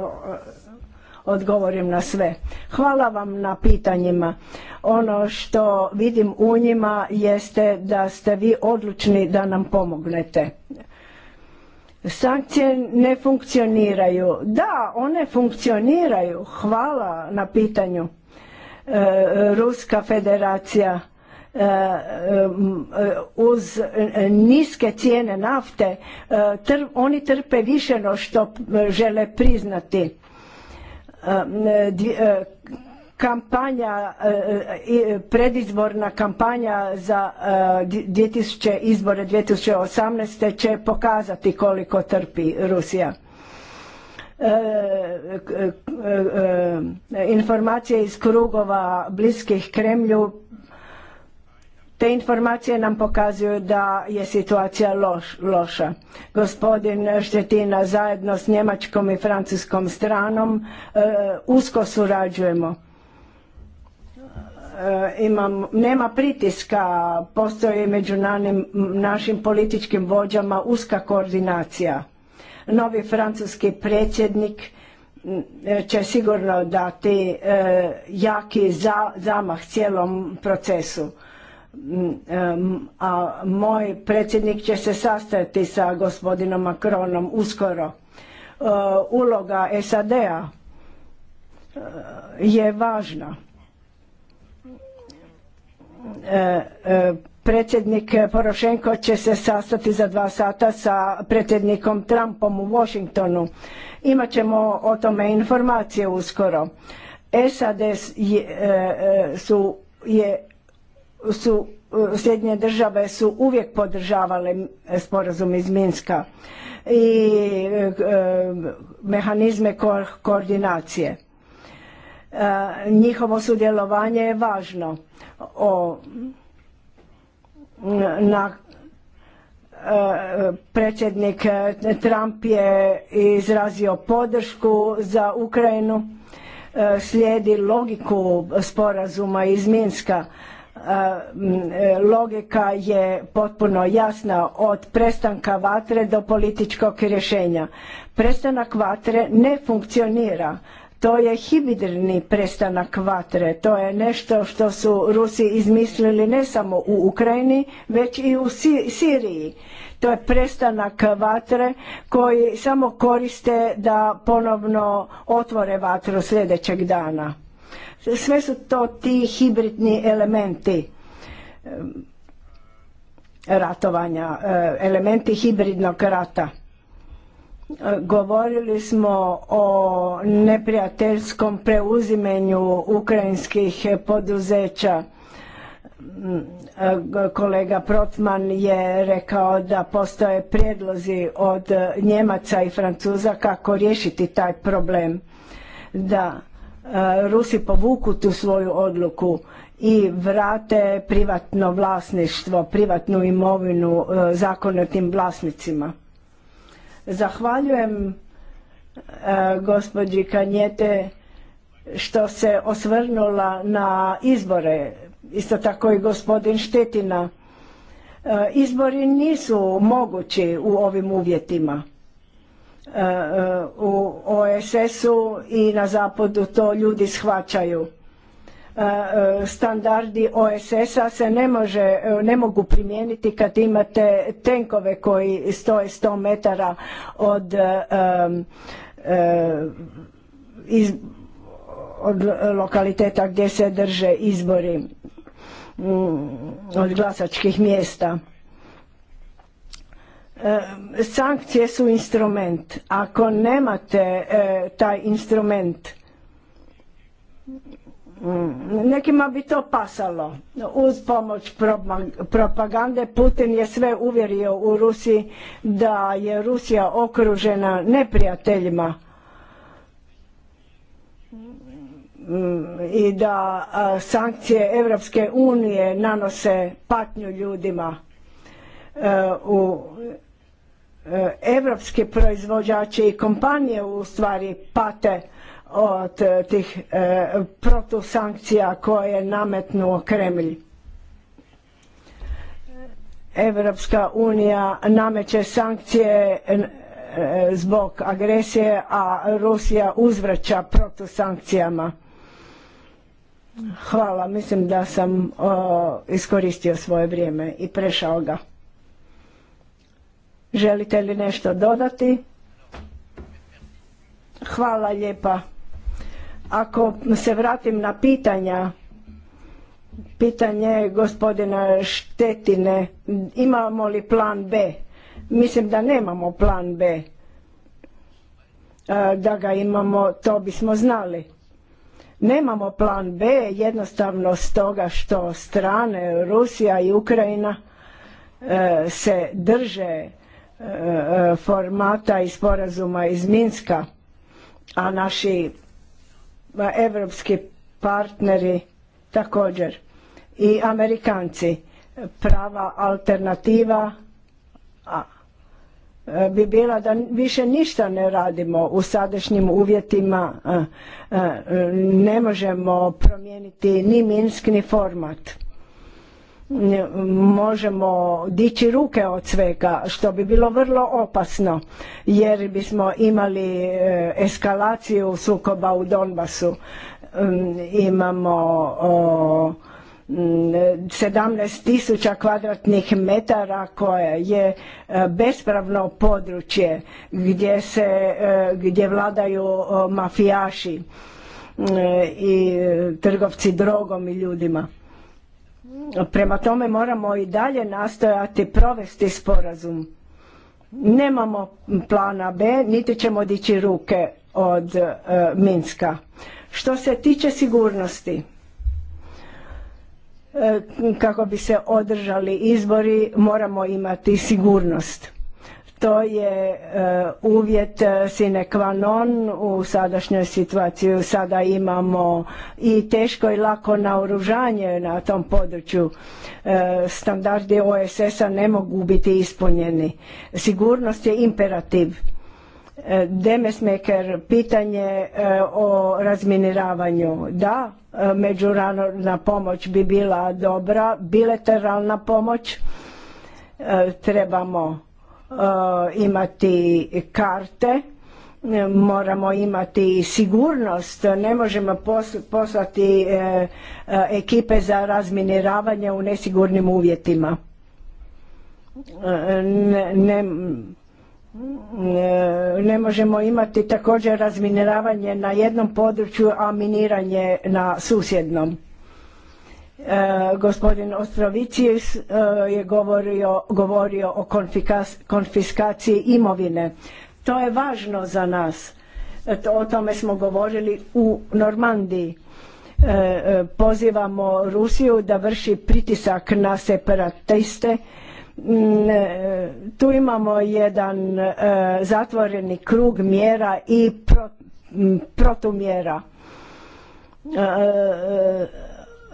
odgovorim na sve. Hvala vam na pitanjima. Ono što vidim u njima jeste da ste vi odlučni da nam pomognete. Sankcije ne funkcioniraju. Da, one funkcioniraju. Hvala na pitanju. E, Ruska federacija e, e, uz niske cijene nafte oni trpe više no što žele priznati kampanja, e, e, predizborna kampanja za 2000, e, izbore 2018. će pokazati koliko trpi Rusija. informacije iz krugova bliskih Kremlju te informacije nam pokazuju da je situacija loša. Gospodin Štetina zajedno s njemačkom i francuskom stranom e, usko surađujemo. E, imam, nema pritiska, postoji među našim političkim vođama uska koordinacija. Novi francuski predsjednik e, će sigurno dati e, jaki zamah cijelom procesu Mm, a moj predsjednik će se sastati sa gospodinom Macronom uskoro. E, uloga SAD-a e, je važna. E, predsjednik Porošenko će se sastati za dva sata sa predsjednikom Trumpom u Washingtonu. Imaćemo o tome informacije uskoro. SAD su je su e, srednje države su uvijek podržavale sporazum iz Minska i e, e, mehanizme koordinacije. njihovo sudjelovanje je važno. O, na, predsjednik Trump je izrazio podršku za Ukrajinu, slijedi logiku sporazuma iz Minska E, e, logika je potpuno jasna od prestanka vatre do političkog rješenja. Prestanak vatre ne funkcionira. To je hibridni prestanak vatre. To je nešto što su Rusi izmislili ne samo u Ukrajini, već i u Siriji. To je prestanak vatre koji samo koriste da ponovno otvore vatru sljedećeg dana sve su to ti hibridni elementi eh, ratovanja, eh, elementi hibridnog rata. Eh, govorili smo o neprijateljskom preuzimenju ukrajinskih poduzeća. Mm, kolega Protman je rekao da postoje prijedlozi od Njemaca i Francuza kako riješiti taj problem. Da E, Rusi povuku tu svoju odluku i vrate privatno vlasništvo, privatnu imovinu e, zakonitim vlasnicima. Zahvaljujem e, gospođi Kanjete što se osvrnula na izbore, isto tako i gospodin Štetina. Izbori nisu mogući u ovim uvjetima u OSS-u i na zapadu to ljudi shvaćaju. E, e, standardi OSS-a se ne, može, ne mogu primijeniti kad imate tenkove koji stoje 100 metara od, e, od lokaliteta gdje se drže izbori mm, od glasačkih mjesta. Eh, sankcije su instrument. Ako nemate eh, taj instrument, mm, nekima bi to pasalo. Uz pomoć propagande Putin je sve uvjerio u Rusiji da je Rusija okružena neprijateljima mm, i da sankcije Europske unije nanose patnju ljudima eh, u Europski proizvođači i kompanije u stvari pate od e, tih e, protusankcija koje je nametnuo Kremlj. Evropska unija nameće sankcije e, zbog agresije, a Rusija uzvraća protusankcijama. Hvala, mislim da sam iskoristio svoje vrijeme i prešao ga. Želite li nešto dodati? Hvala lijepa. Ako se vratim na pitanja, pitanje gospodina Štetine, imamo li plan B? Mislim da nemamo plan B. E, da ga imamo, to bismo znali. Nemamo plan B jednostavno toga što strane Rusija i Ukrajina e, se drže E, e, formata i sporazuma iz Minska, a naši evropski partneri također i Amerikanci prava alternativa a, e, bi bila da više ništa ne radimo u sadašnjim uvjetima ne možemo promijeniti ni minski ni format možemo dići ruke od svega što bi bilo vrlo opasno jer bismo imali e, eskalaciju sukoba u Donbasu mm, imamo 17 mm, tisuća kvadratnih metara koje je e, bespravno područje gdje se e, gdje vladaju mafijaši i trgovci drogom i ljudima Prema tome moramo i dalje nastojati provesti sporazum. Nemamo plana B, niti ćemo dići ruke od e, Minska. Što se tiče sigurnosti, e, kako bi se održali izbori, moramo imati sigurnost. To je e, uvjet e, sine non u sadašnjoj situaciji. Sada imamo i teško i lako naoružanje na tom području. E, standardi OSS-a ne mogu biti ispunjeni. Sigurnost je imperativ. Demesmeker, pitanje o razminiravanju. Da, međunarodna pomoć bi bila dobra, bilateralna pomoć trebamo Eh, imati karte, moramo imati sigurnost, ne možemo poslati eh, ekipe za razminiravanje u nesigurnim uvjetima. Eh, ne, ne, ne možemo imati također razminiravanje na jednom području, a miniranje na susjednom. E, gospodin Ostrovicij e, je govorio, govorio o konfiskaciji imovine. To je važno za nas. E, o tome smo govorili u Normandiji. Pozivamo Rusiju da vrši pritisak na separatiste. Mm, tu imamo jedan zatvoreni krug mjera i protumjera.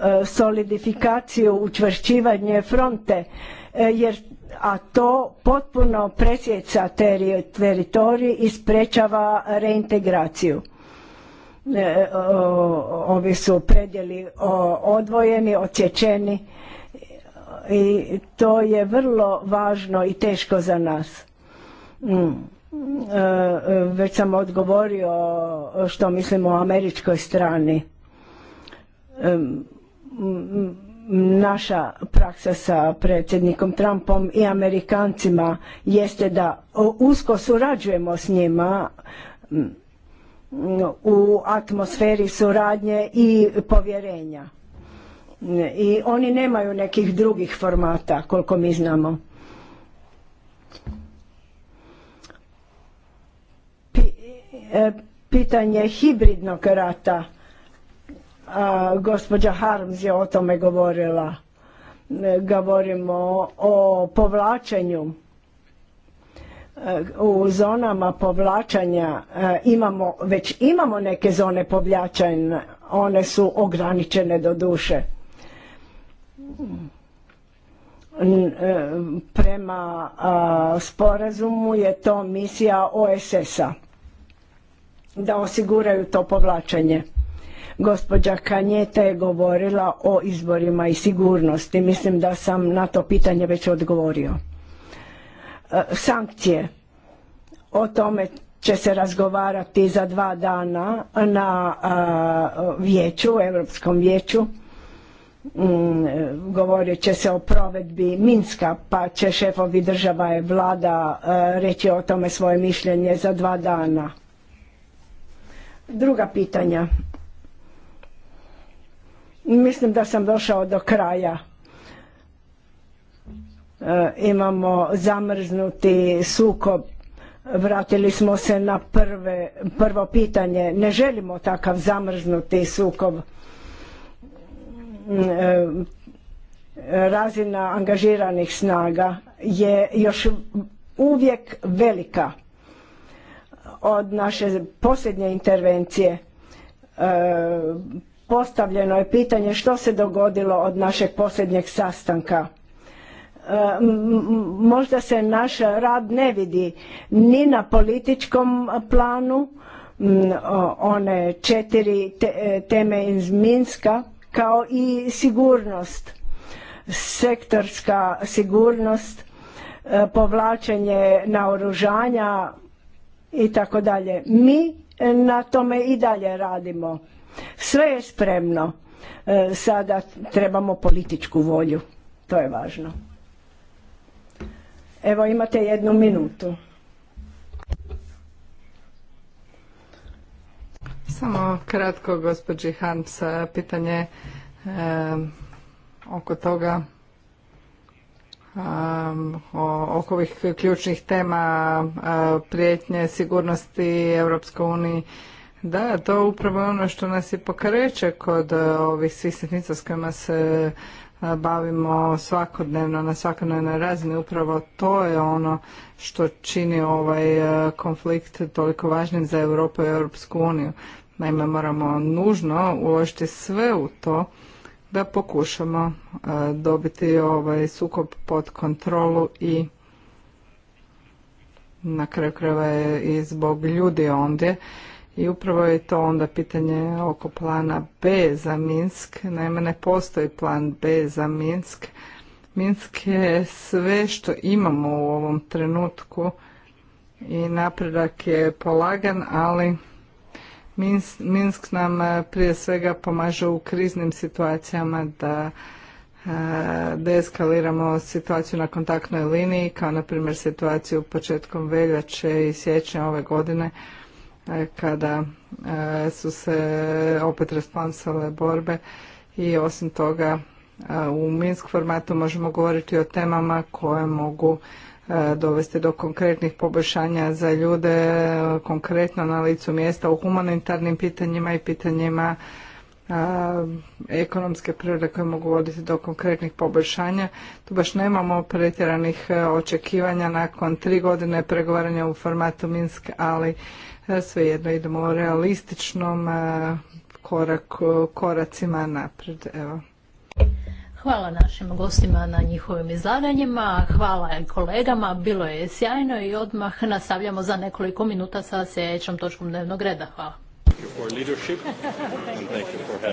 E, solidifikaciju, učvršćivanje fronte, e, jer, a to potpuno presjeca teritorij i sprečava reintegraciju. E, ovi su predjeli odvojeni, odsječeni i to je vrlo važno i teško za nas. Mm. već sam odgovorio što mislim o američkoj strani naša praksa sa predsjednikom Trumpom i Amerikancima jeste da usko surađujemo s njima u atmosferi suradnje i povjerenja. I oni nemaju nekih drugih formata koliko mi znamo. E, pitanje hibridnog rata a, gospođa Harms je o tome govorila. E, govorimo o, povlačenju. E, u zonama povlačanja e, imamo, već imamo neke zone povlačanja, one su ograničene do duše. prema sporazumu je to misija OSS-a da osiguraju to povlačenje Gospođa Kanjeta je govorila o izborima i sigurnosti. Mislim da sam na to pitanje već odgovorio. E, sankcije. O tome će se razgovarati za dva dana na vijeću, Europskom vijeću. Mm, govorit će se o provedbi Minska, pa će šefovi država i vlada e, reći o tome svoje mišljenje za dva dana. Druga pitanja Mislim da sam došao do kraja. E, imamo zamrznuti sukob. Vratili smo se na prve, prvo pitanje. Ne želimo takav zamrznuti sukob. Mm, e, razina angažiranih snaga je još uvijek velika od naše posljednje intervencije e, postavljeno je pitanje što se dogodilo od našeg posljednjeg sastanka. E, možda se naš rad ne vidi ni na političkom planu, one četiri teme iz Minska, kao i sigurnost, sektorska sigurnost, e, povlačenje naoružanja i tako dalje. Mi na tome i dalje radimo sve je spremno. E, sada trebamo političku volju. To je važno. Evo imate jednu minutu. Samo kratko, gospođi Hans, e, pitanje e, oko toga, oko ovih ključnih tema prijetnje sigurnosti Europskoj uniji da, to upravo ono što nas i pokreće kod e, ovih svih sitnica s kojima se e, bavimo svakodnevno na svakodnevnoj razini. Upravo to je ono što čini ovaj e, konflikt toliko važnim za Europu i Europsku uniju. Naime, moramo nužno uložiti sve u to da pokušamo dobiti ovaj sukob pod kontrolu i na kraju krajeva i zbog ljudi ondje i upravo je to onda pitanje oko plana B za Minsk. Naime, ne postoji plan B za Minsk. Minsk je sve što imamo u ovom trenutku i napredak je polagan, ali Minsk nam eh, prije svega pomaže u kriznim situacijama da eh, deeskaliramo situaciju na kontaktnoj liniji, kao na primjer situaciju početkom veljače i siječnja ove godine kada e, su se opet responsale borbe i osim toga e, u Minsk formatu možemo govoriti o temama koje mogu e, dovesti do konkretnih poboljšanja za ljude konkretno na licu mjesta u humanitarnim pitanjima i pitanjima ekonomske prirode koje mogu voditi do konkretnih poboljšanja. Tu baš nemamo pretjeranih očekivanja nakon tri godine pregovaranja u formatu Minsk, ali E, svejedno idemo realističnom e, korak, koracima naprijed. Evo. Hvala našim gostima na njihovim izlaganjima, hvala kolegama, bilo je sjajno i odmah nastavljamo za nekoliko minuta sa sljedećom točkom dnevnog reda. Hvala.